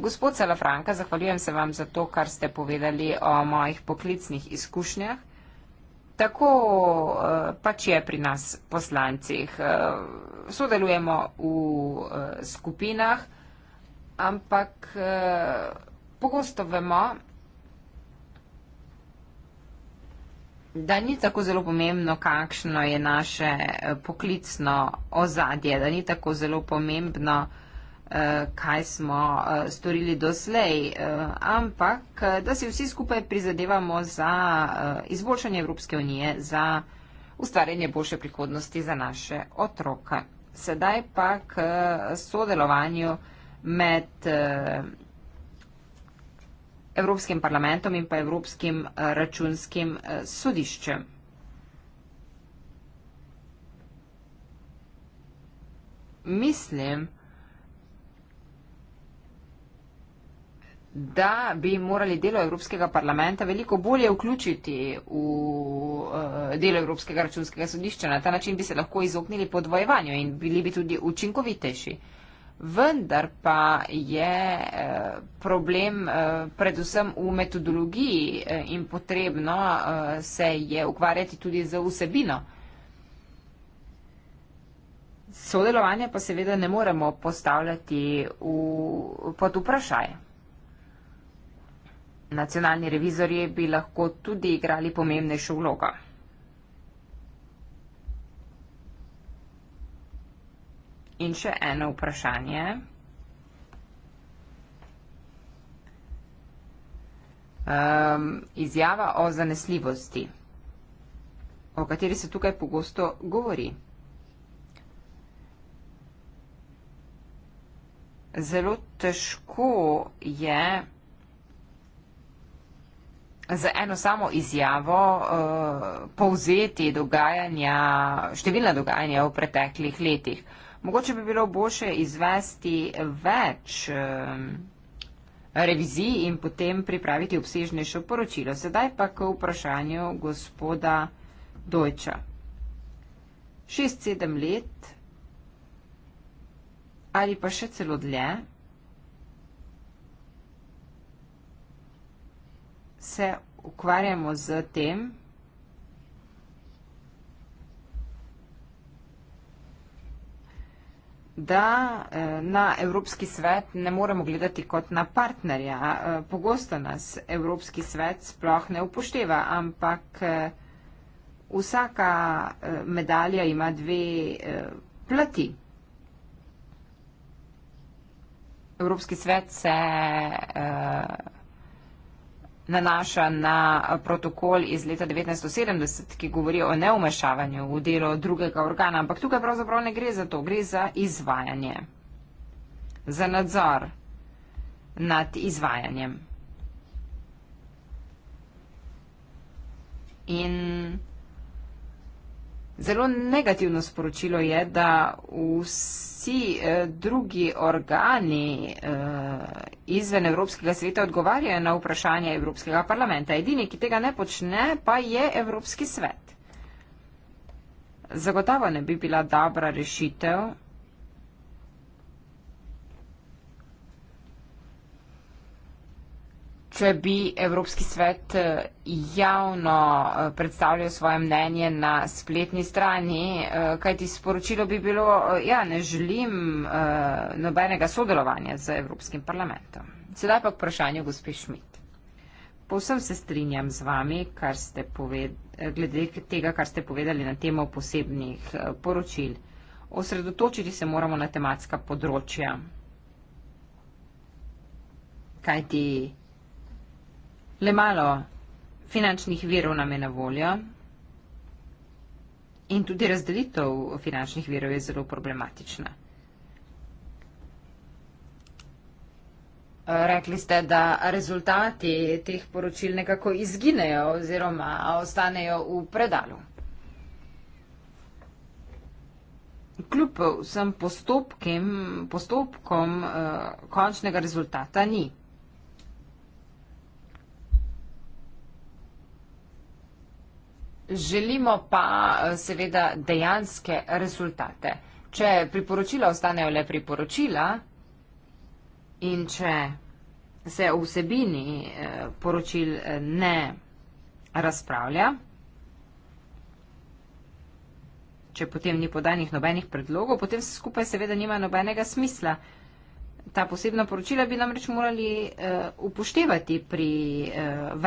Gospod Salafranka, zahvaljujem se vam za to, kar ste povedali o mojih poklicnih izkušnjah. Tako eh, pač je pri nas poslancih. Eh, sodelujemo v eh, skupinah, ampak pogosto vemo, da ni tako zelo pomembno, kakšno je naše poklicno ozadje, da ni tako zelo pomembno, Eh, kaj smo eh, storili doslej, eh, ampak da si vsi skupaj prizadevamo za izboljšanje Evropske unije, za ustvarjanje boljše prihodnosti za naše otroke. Sedaj pa k sodelovanju med Evropskim parlamentom in pa Evropskim računskim sodiščem. Mislim, da bi morali delo Evropskega parlamenta veliko bolje vključiti v eh, delo Evropskega računskega sodišča. Na ta način bi se lahko izognili podvojevanju in bili bi tudi učinkovitejši. Vendar pa je eh, problem eh, predvsem v metodologiji in potrebno se je ukvarjati tudi z vsebino. Sodelovanje pa seveda ne moremo postavljati v, pod vprašanje. Nacionalni revizorji bi lahko tudi igrali pomembnejšo vlogo. In še eno vprašanje. Um, izjava o zanesljivosti, o kateri se tukaj pogosto govori. Zelo težko je z eno samo izjavo eh, povzeti dogajanja, številna dogajanja v preteklih letih. Mogoče bi bilo boljše izvesti več eh, revizij in potem pripraviti obsežnejšo poročilo. Sedaj pa k vprašanju gospoda Dojča. 6-7 let ali pa še celo dlje se ukvarjamo z tem, da eh, na Evropski svet ne moremo gledati kot na partnerja. Eh, pogosto nas Evropski svet sploh ne upošteva, ampak eh, vsaka medalja ima dve plati. Evropski svet se uh, nanaša na protokol iz leta 1970, ki govori o neumešavanju v delo drugega organa, ampak tukaj pravzaprav ne gre za to, gre za izvajanje, za nadzor nad izvajanjem. In Zelo negativno sporočilo je, da vsi eh, drugi organi eh, izven Evropskega sveta odgovarjajo na vprašanje Evropskega parlamenta. Edini, ki tega ne počne, pa je Evropski svet. Zagotavo ne bi bila dobra rešitev. če bi Evropski svet eh, javno eh, predstavljal svoje mnenje na spletni strani, eh, kaj ti sporočilo bi bilo, ja, ne želim nobenega sodelovanja z Evropskim parlamentom. Sedaj pa k vprašanju gospe Šmit. Povsem se strinjam z vami, kar ste povedali, glede tega, kar ste povedali na temo posebnih poročil. Osredotočiti se moramo na tematska področja. Kaj ti le malo finančnih virov nam je na voljo in tudi razdelitev finančnih virov je zelo problematična. Rekli ste, da rezultati teh poročil nekako izginejo oziroma ostanejo v predalu. Kljub vsem postopkom eh, končnega rezultata ni. Želimo pa eh, seveda dejanske rezultate. Če priporočila ostanejo le priporočila in če se o vsebini eh, poročil eh, ne razpravlja, če potem ni podanih nobenih predlogov, potem se skupaj seveda nima nobenega smisla. Ta posebna poročila bi namreč morali upoštevati pri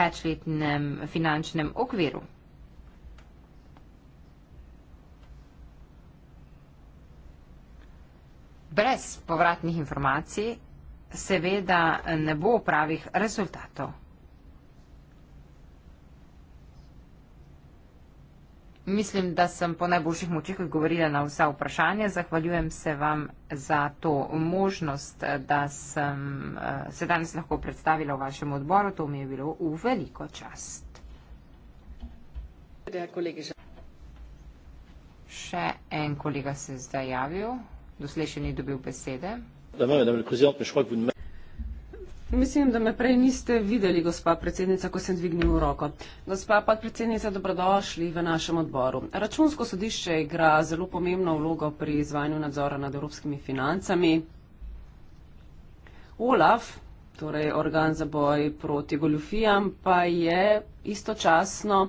večletnem finančnem okviru. brez povratnih informacij seveda ne bo pravih rezultatov. Mislim, da sem po najboljših močih odgovorila na vsa vprašanja. Zahvaljujem se vam za to možnost, da sem eh, se danes lahko predstavila v vašem odboru. To mi je bilo v veliko čast. Še en kolega se je zdaj javil. Doslej še ni dobil besede. Mislim, da me prej niste videli, gospa predsednica, ko sem dvignil roko. Gospa podpredsednica, dobrodošli v našem odboru. Računsko sodišče igra zelo pomembno vlogo pri izvajanju nadzora nad evropskimi financami. OLAF, torej organ za boj proti goljufijam, pa je istočasno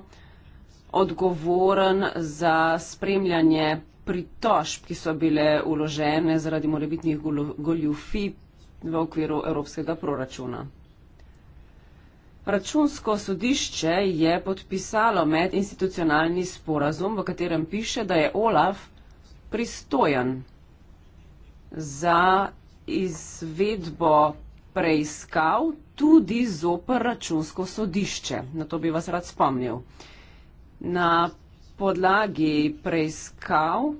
odgovoren za spremljanje pritožb, ki so bile uložene zaradi morebitnih goljufi v okviru evropskega proračuna. Računsko sodišče je podpisalo medinstitucionalni sporazum, v katerem piše, da je OLAF pristojen za izvedbo preiskav tudi zoper računsko sodišče. Na to bi vas rad spomnil. Na podlagi preiskav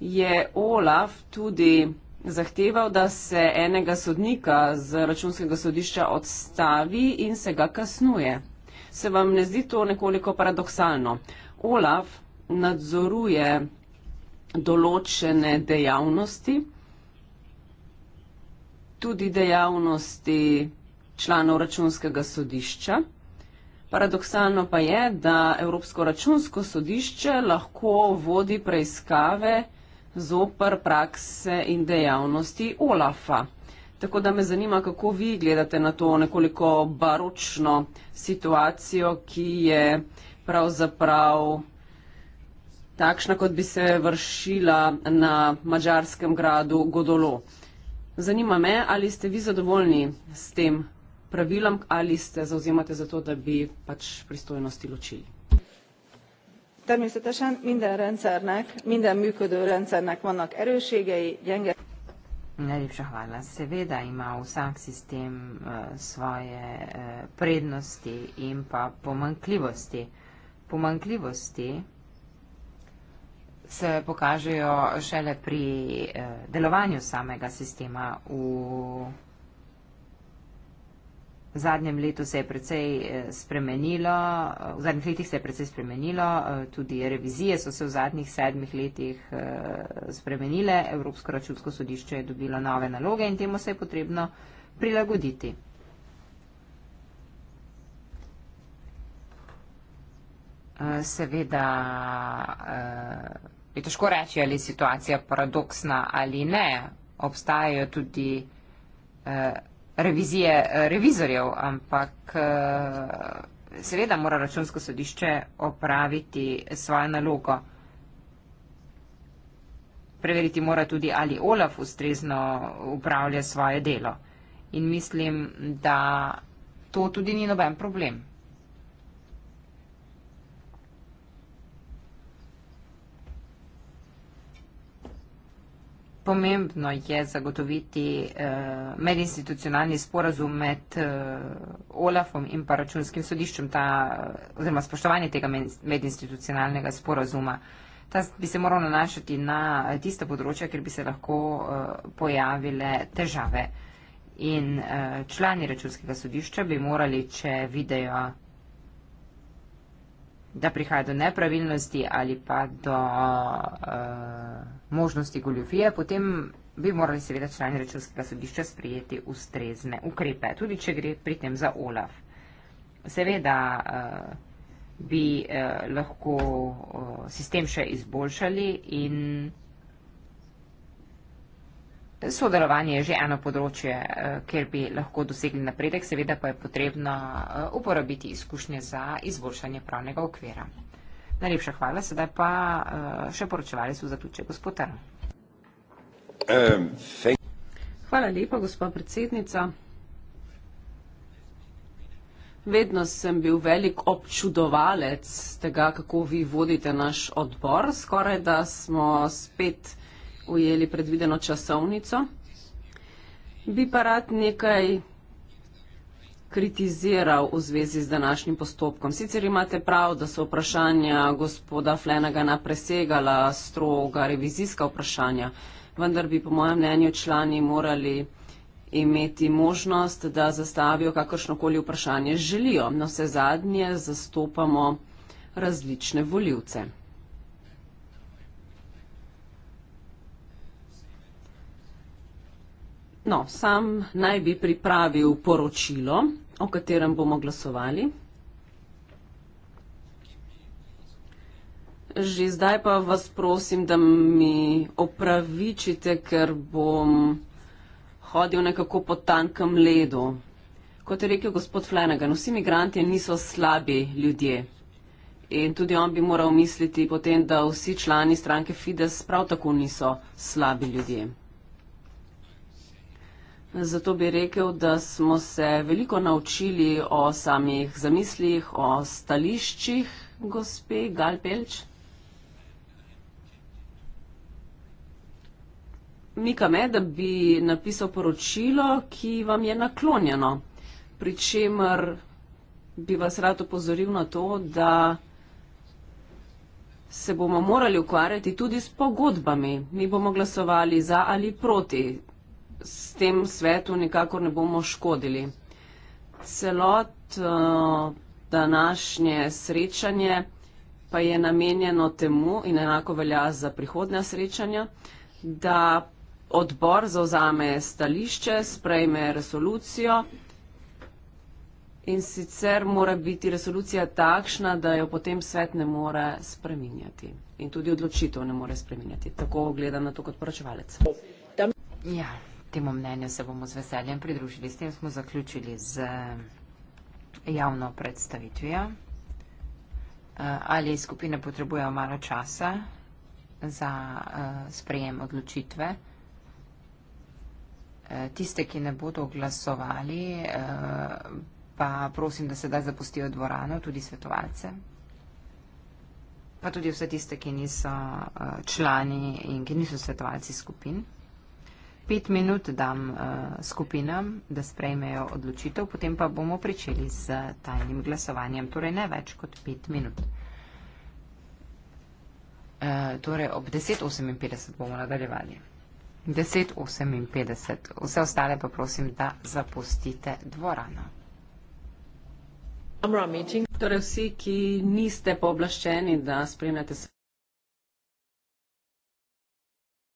je Olaf tudi zahteval, da se enega sodnika z računskega sodišča odstavi in se ga kasnuje. Se vam ne zdi to nekoliko paradoksalno? Olaf nadzoruje določene dejavnosti, tudi dejavnosti članov računskega sodišča. Paradoksalno pa je, da Evropsko računsko sodišče lahko vodi preiskave zopr prakse in dejavnosti OLAFA. Tako da me zanima, kako vi gledate na to nekoliko baročno situacijo, ki je pravzaprav takšna, kot bi se vršila na mačarskem gradu Godolo. Zanima me, ali ste vi zadovoljni s tem pravilom ali se zauzemate za to, da bi pač pristojnosti ločili? Természetesen minden rendszernek, minden működő rendszernek vannak erősségei, gyenge. Najlepša hvala. Seveda ima vsak sistem eh, svoje eh, prednosti in pa pomankljivosti. Pomankljivosti se pokažejo šele pri eh, delovanju samega sistema v V zadnjem letu se je precej eh, spremenilo, eh, v zadnjih letih se je precej spremenilo, eh, tudi revizije so se v zadnjih sedmih letih spremenile, Evropsko računsko sodišče je dobilo nove naloge in temu se je potrebno prilagoditi. Seveda je težko reči, ali je situacija paradoksna ali ne, obstajajo tudi revizije eh, revizorjev, ampak eh, seveda mora računsko sodišče opraviti svojo nalogo. Preveriti mora tudi, ali Olaf ustrezno upravlja svoje delo. In mislim, da to tudi ni noben problem. Pomembno je zagotoviti eh, medinstitucionalni sporazum med eh, OLAF-om in pa računskim sodiščem, ta, oziroma spoštovanje tega medinstitucionalnega sporazuma. Ta bi se moral nanašati na tista področja, kjer bi se lahko eh, pojavile težave. In eh, člani računskega sodišča bi morali, če videjo da prihaja do nepravilnosti ali pa do uh, možnosti goljofije, potem bi morali seveda člani računskega sodišča sprijeti ustrezne ukrepe, tudi če gre pri tem za OLAF. Seveda uh, bi uh, lahko uh, sistem še izboljšali in. Sodelovanje je že eno področje, eh, kjer bi lahko dosegli napredek, seveda pa je potrebno eh, uporabiti izkušnje za izboljšanje pravnega okvira. Najlepša hvala, sedaj pa eh, še poročevali so zaključek gospod Trn. Ehm, hvala lepa, gospa predsednica. Vedno sem bil velik občudovalec tega, kako vi vodite naš odbor. Skoraj da smo spet vsega, ujeli predvideno časovnico. Bi pa rad nekaj kritiziral v zvezi z današnjim postopkom. Sicer imate prav, da so vprašanja gospoda Flenega napresegala stroga revizijska vprašanja, vendar bi po mojem mnenju člani morali imeti možnost, da zastavijo kakršnokoli vprašanje želijo. Na vse zadnje zastopamo različne voljivce. No, sam naj bi pripravil poročilo, o katerem bomo glasovali. Že zdaj pa vas prosim, da mi opravičite, ker bom hodil nekako po tankem ledu. Kot je rekel gospod Flanagan, vsi migranti niso slabi ljudje. In tudi on bi moral misliti potem, da vsi člani stranke Fides prav tako niso slabi ljudje. Zato bi rekel, da smo se veliko naučili o samih zamislih, o stališčih gospe Galpelč. Mika me, da bi napisal poročilo, ki vam je naklonjeno, pri čemer bi vas rad upozoril na to, da se bomo morali ukvarjati tudi s pogodbami. Mi bomo glasovali za ali proti s tem svetu nikakor ne bomo škodili. Celotno eh, današnje srečanje pa je namenjeno temu in enako velja za prihodnja srečanja, da odbor zauzame stališče, sprejme resolucijo in sicer mora biti resolucija takšna, da jo potem svet ne more spreminjati in tudi odločitev ne more spreminjati. Tako gledam na to kot poročevalec. Ja temu mnenju se bomo z veseljem pridružili. S tem smo zaključili z eh, javno predstavitvijo. Eh, ali skupine potrebujejo malo časa za eh, sprejem odločitve? Tiste, ki ne bodo glasovali, pa prosim, da sedaj zapustijo dvorano, tudi svetovalce, pa tudi vse tiste, ki niso člani in ki niso svetovalci skupin pet minut dam uh, skupinam, da sprejmejo odločitev, potem pa bomo pričeli z tajnim glasovanjem, torej ne več kot pet minut. Uh, torej ob 10.58 bomo nadaljevali. 10.58. Vse ostale pa prosim, da zapustite dvorano. Torej vsi, ki niste pooblaščeni, da spremljate se.